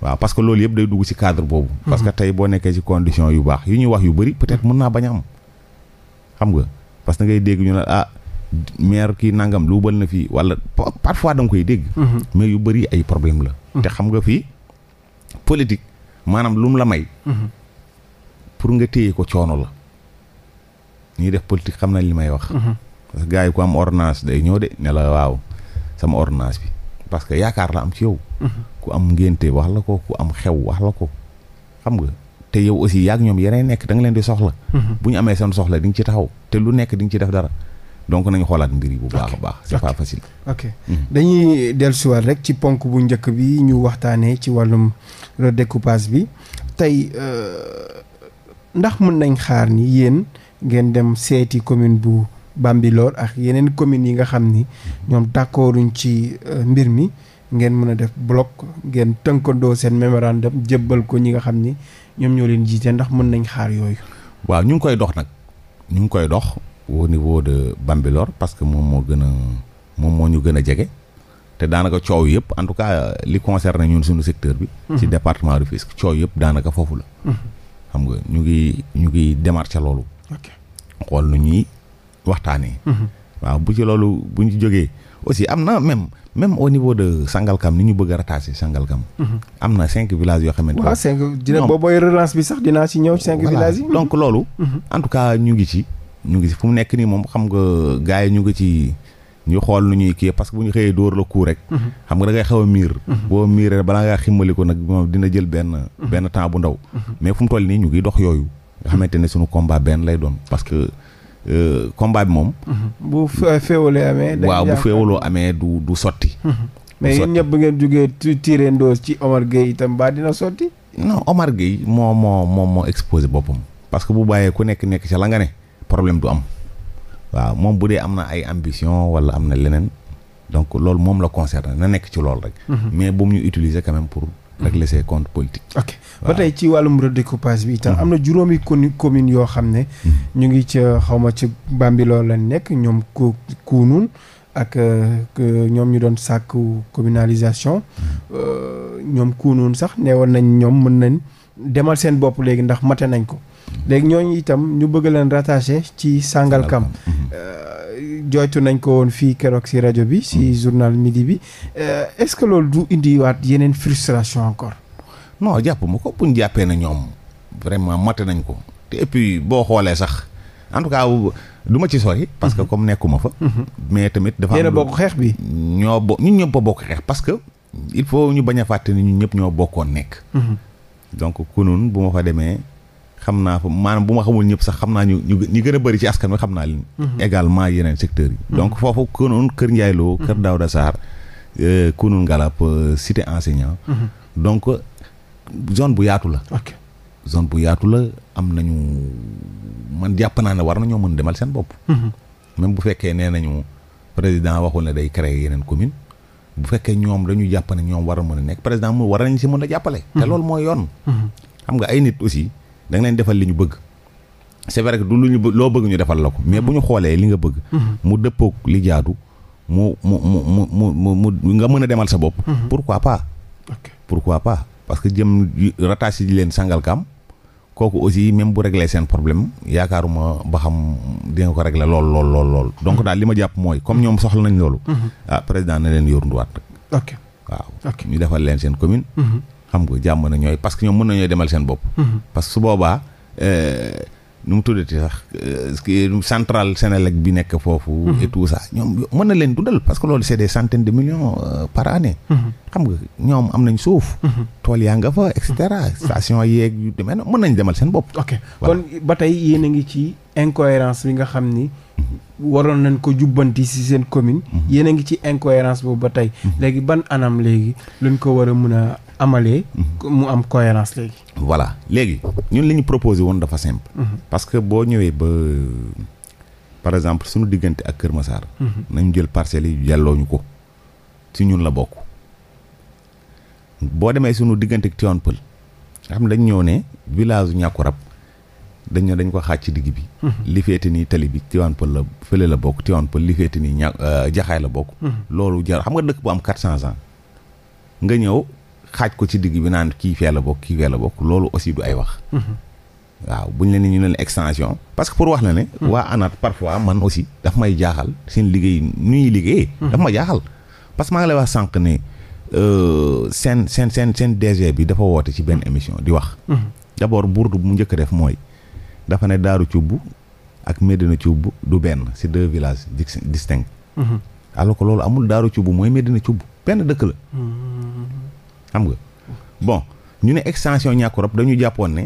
waaw parce que loolu yëpp day dugg ci cadre boobu parce que tey boo nekkee ci condition yu baax yu ñuy wax yu bëri peut-être mën naa bañ xam nga parce que ngay dégg ñu ne ah maire kii nangam lu bal na fii wala parfois fois nga koy dégg mais yu bëri ay problème la te xam nga fii politique maanaam lu la may pour nga téye ko coono la ñuy def politique xam nañ li may wax. Mhm. parce que gars yi ku am ordonnance day ñëw de ne la waaw sama ordonnance bi parce que yaakaar la am ci yow. Mhm. ku am ngénte wax la ko ku am xew wax la ko xam nga. te yow aussi yaag ñoom yeneen nekk da nga leen di soxla. Mhm. bu ñu amee seen soxla di nga ci taxaw te lu nekk di nga ci def dara donc nañu xoolaat mbir yi bu baax a baax. c'est pas facile. ok dañuy dellusiwaat rek ci ponk bu njëkk bi ñu waxtaanee ci wàllum le ndax mën nañ xaar ni yéen ngeen dem seeti commune bu Bambilor ak yeneen communes yi nga xam ni ñoom d'accorduñ ci euh, mbir mi ngeen mën a def bloc ngeen tënkandoo seen mémorandum jébbal ko ñi nga xam ni ñoom ñoo leen jiite ndax mën nañ xaar yooyu. waaw ñu ngi koy dox nag ñu ngi koy dox au niveau de bambiloor parce que moom moo gën a moom moo ñu gën a jege te daanaka coow yëpp en tout cas li concerne ñun suñu secteur bi. Mm-hmm. ci département Rufisque coow yëpp daanaka foofu la. Mm-hmm. xam nga ñu ngi ñu ngi démarché loolu. ok xool nu ñuy waxtaanee. Mhm. waaw bu ci loolu bu ñu jógee aussi am na même même au niveau de Sangalkam ni ñu bëgg a rattaché Sangalkam. Mhm. am na cinq villages yoo xamante ne. waaw cinq dina booy relance bi sax dinaa ci ñëw cinq villages yi. donc loolu. Mhm. en tout cas ñu ngi ci. ñu ci fu mu nekk nii moom xam nga gars yi ñu ci. ñuy xool nu ñuy kii parce que bu ñu xëyee door la kuu rek mhm. xam nga da ngay xaw a miir mhm. boo miiree balaa ngaa ximmali ko nag moom dina jël benn mhm. benn temps bu ndaw mais fu mu toll nii ñu gi dox yooyu nga xamante ne suñu combat benn lay doon parce que euh, combat bi moom bu féewalee amee waaw féewaloo amee du du sotti mais yéen ñëpp ngeen jógee tiré ndoos ci Omar Gueye itam baa dina sotti non Omar Gueye moo moo moom moo exposé boppam parce que bu bàyyee ku nekk nekk ca la nga problème du am waaw moom bu dee am na ay ambition wala am na leneen donc loolu moom la concerné na nekk ci loolu rek. Mhm. mais bu mu ñu utiliser quand même pour. régler ses comptes politiques. ok ba tey ci wàllum redécoupage bi itam. Mhm. am na juróomi commune commune yoo xam ne. Mhm. ñu ngi ca xawma ci Bambilor lañ nekk ñoom ku kuunun ak euh, ñoom ñu doon sàkk communalisation. Euh, ñoom kuunun sax neewoon nañ ñoom mën nañ. demal seen bopp léegi ndax mate nañ ko léegi ñooñu itam ñu bëgg leen rattaché ci Sangalkam mhm. euh, jooytu nañ ko woon fii keroog si rajo bi si mhm. journal midi bi euh, est-ce que du indiwaat yeneen frustration encore non jàpp ma ko buñ jàppee na ñoom vraiment mate nañ ko te et boo xoolee sax en tout cas du ma ci sori parce que mhm. comme nekkuma fa mais tamit dafa yéen a bokk xeex bi ñoo bo ñun ñëpp bokk xeex parce que il faut ñu bañ a fàtte ni ñun ñëpp ñoo bokkoon nekk donc kunun bu ma fa demee xam naa fa maanaam bu ma xamul ñëpp sax xam naa ñu ñu ñu gën a bëri ci askan wi xam naa leen. Mhm. également yeneen secteurs yi. Mhm. donc foofu kunun Kër Ndiaye Lo. Kër mhm. Daouda Sarr euh, kunun Ngalap euh, cité enseignant. donc zone bu yaatu la. ok zone bu yaatu la am nañu man jàpp naa ne war nañoo mën demal seen bopp. même bu fekkee nee nañu président waxul ne day créer yeneen commune bu fekkee ñoom dañu jàpp ñoom war a mën a nekk président mu war nañ si mën a jàppale. te mhm. loolu mooy yoon. Mhm. xam nga ay nit aussi da nga defal li ñu bëgg. c'est vrai que du lu ñu loo bëgg ñu defal la ko mais mhm. bu ñu xoolee li nga bëgg. mu dëppoog li jaadu mu mu mu mu mu mu nga mën a demal sa bopp. pour pa pour pourquoi pa parce que jëm rattaché ji leen sangal kam kooku aussi même bu régler seen problème yaakaaruma ba xam di nga ko régler lool lool lool lool. donc mhm. daal li ma jàpp mooy comme ñoom soxla nañ loolu. Mhm. ah président na leen yóornduwaat nag. ok waaw ñu defal leen seen commune. Mhm. xam nga jàmm ñooy parce que ñoom mën nañoo demal seen bopp. parce que su euh, nu mu tuddati sax euh, centrale Sénélec bi nekk foofu. Mhm. et tout ça ñoom mën na leen dundal parce que loolu c'est des centaines de millions euh, par année. Mhm. xam nga ñoom am nañ suuf. Mhm. tool yaa nga fa et cetera. station yeeg yu demee mën nañ demal seen bopp. ba tey yéen a ngi ci incohérence bi nga xam ni. waroon nañ ko jubbanti ci seen commune. yéen a ngi ci incohérence boobu ba tey. léegi ban anam léegi luñ ko war a mun a amalee. Mhm. mu am cohérence léegi. voilà léegi ñun lañu ñu woon dafa simple. Mhm. parce que boo ñëwee ba par exemple suñu diggante ak Kër Massar. Mhm. nañu jël parcelles yi yellooñu ko ci ñun la bokk. boo demee sunu diggante ak Tivaouane dañ ñëw ne village Niakourab dañ ñëw dañ ko xaaj ci digg bi. li féete nii tali bi Tivaouane Peulh la fële la bokk Tivaouane Peulh li féete ña euh, jaxaay la bokk. loolu jar xam nga dëkk bu am quatre cent ans nga ñëw. xaaj ko ci digg bi naan kii fee la bokk kii fee la bokk loolu aussi du ay wax. Mm-hmm. waaw bu ñu la ne ñu leen extension. parce que pour wax la ne. Mm-hmm. waa ANAT parfois man aussi daf may jaaxal seen liggéey nu liggéey. Mm-hmm. daf ma jaaxal parce que maa ngi lay wax sànq ne euh, seen seen seen seen DG bi dafa woote ci benn émission di wax. d' abord bu mu njëkk def mooy dafa ne Daaru Cubb ak Medina Cubb du benn c' est deux villages distincts alors que loolu amul Daaru Cubb mooy Medina Cubb benn dëkk la. xam nga bon ñu ne extension ñàkk dañu jàppoon ne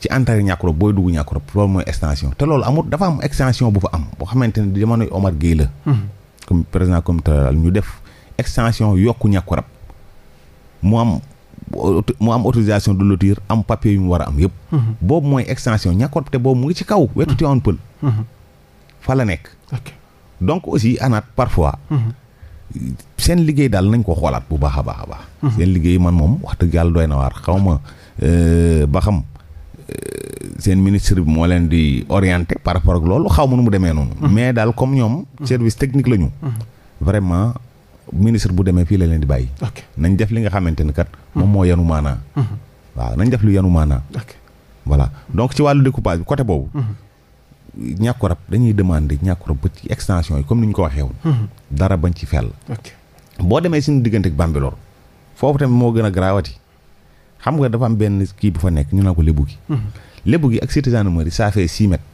ci antari ñàkk rob booy dugg ñàkk rob loolu mooy extension te loolu amul dafa am extension bu fa am boo xamante ne jamonoy Omar la hmm. comme président comité rural ñu def extension yokku ñàkk rob mu am mu am autorisation de lotir am papier yu mu war a am yëpp hmm. boobu mooy extension ñàkk te boobu mu ngi ci kaw wetu hmm. Tivaouane Peulh fa la nekk donc aussi anaat parfois seen liggéey daal nañ ko xoolaat bu baax a baax a mhm. seen liggéey man moom wax dëgg yàlla doy na waar xaw ma euh, ba xam euh, seen ministre bi moo leen di orienté par rapport ak loolu xaw ma nu mu demee noonu. Mhm. mais daal comme ñoom. Mhm. service technique la ñu. vraiment ministre bu demee fii la leen di bàyyi. nañ def li nga xamante ni kat. moom moo yanu maanaa. waaw nañ def lu yanu maanaa. voilà donc ci wàllu découpage bi boobu. ñàkku rab dañuy demander ñàkku rab ba ci extension yi comme ni ñu ko waxee woon. Mhm. dara bañ ci fell. boo demee suñu diggante ak foofu tamit moo gën a garaawati xam nga dafa am benn kii bu fa nekk ñu naan ko lébu gi. Mhm. lébu gi ak cité gendarmerie ça fait 6 mètres.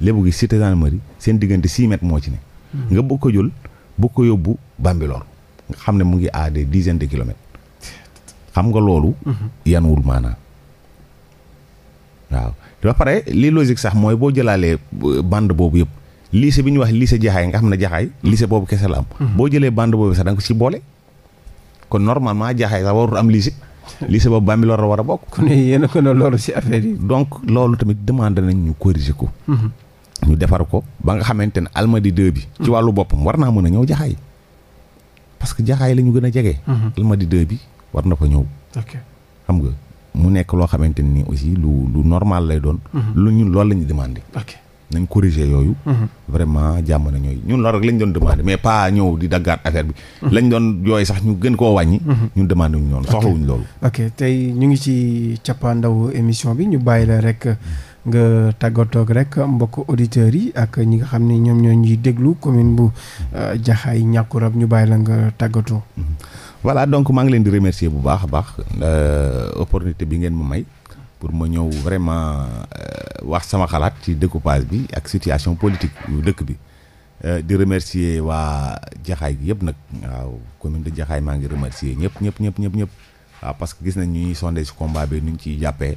lébu gi cité gendarmerie seen diggante 6 mètres moo ci ne. Mhm. nga bëgg ko jël bëgg ko yóbbu Bambilor nga xam ne mu ngi à des dizaines de kilomètres. xam nga loolu. yanuwul maanaa waaw te ba pare li logique sax mooy boo jëlaalee euh, bande boobu yëpp lycée bi ñu wax lycée jaxaay nga xam ne jaxaay mm-hmm. lycée boobu kese la am mm-hmm. boo jëlee bande boobu sax da nga ko ci boole kon normalement jaxaay sax warul am lycée lycée boobu Bambilor la war a bokk kon yéen a ko ne loolu ci affaire yi donc loolu tamit demande nañ ñu corriger ko mm-hmm. ñu defar ko ba nga xamante ne almadi 2 bi ci wàllu boppam war naa mën a ñëw jaxaay parce que jaxaay la gën a jege almadi 2 bi war na fa ñëw xam nga mu nekk loo xamante ni aussi lu lu normal lay doon. Mhm. lu ñun loolu la ñu demandé. ok nañ corriger yooyu. Mhm. vraiment jàmm na ñooy ñun loolu rek lañ doon demandé mais pas ñëw di daggaat affaire bi. Mhm. lañ doon jooy sax ñu gën koo wàññi. ñun demandé wuñ noonu soxlawuñ loolu. ok tey ñu ngi ci cappaandaw émission bi ñu bàyyi la rek. nga tàggatoog rek mbokk auditeurs yi ak ñi nga xam ni ñoom ñoo ñuy déglu commune bu euh, Jaxaay Ñàkkurab ñu bàyyi la nga tàggatoo. voilà donc maa ngi leen di remercier bu baax a baax euh, opportunité bi ngeen ma may pour ma ñëw vraiment euh, wax sama xalaat ci découpage bi ak situation politique dëkk bi euh, di remercier waa jaxaay gi yëpp nag waaw commune de jaxaay maa ngi remercier ñëpp ñëpp ñëpp ñëpp ñëpp waaw parce que gis nañ ñuy sondé si combat bi nu ñu ciy jàppee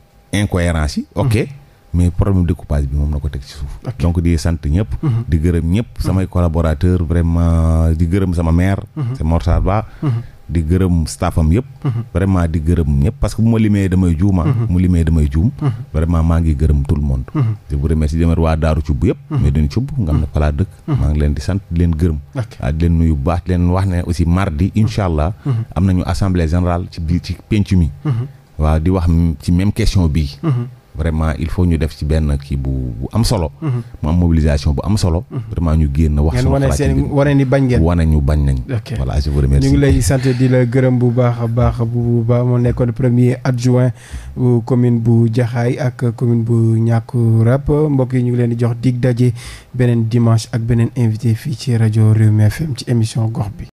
incohérence yi ok mhm. mais problème découpage bi moom na ko teg ci suuf donc di sant ñëpp mhm. di gërëm ñëpp mhm. samay collaborateur vraiment di gërëm sama maire c'est Mor Ba di gërëm staffam yëpp vraiment di gërëm ñëpp parce que bu ma limee damay juuma ah. mu limee damay juum vraiment maa ngi gërëm tout le monde je vous remercie di waa daaru cubb yëpp mais duñu cubb nga xam ne falaa dëkk maa ngi leen di sant di leen gërëm ah di leen nuyu baax di leen wax ne aussi mardi incha allah am nañu assemblée générale ci biir ci penc mi waaw di wax ci même question bi mhm. vraiment il faut ñu def ci benn kii bu am solo. Mhm. mu am mobilisation bu am solo. Mhm. vraiment ñu génn wax. suñu xalaat ci ngeen wane ni bañ ngeen. wane ñu bañ nañ. voilà je vous remercie. ñu ngi lay sant di la gërëm bu baax a baax bu baax moo nekkoon premier adjoint bu commune bu Jaxaay ak commune bu ñàkk Niakoulrap mbokk yi ñu ngi leen di jox dig daje beneen dimanche ak beneen invité fii ci rajo Rewmi FM ci émission gox bi.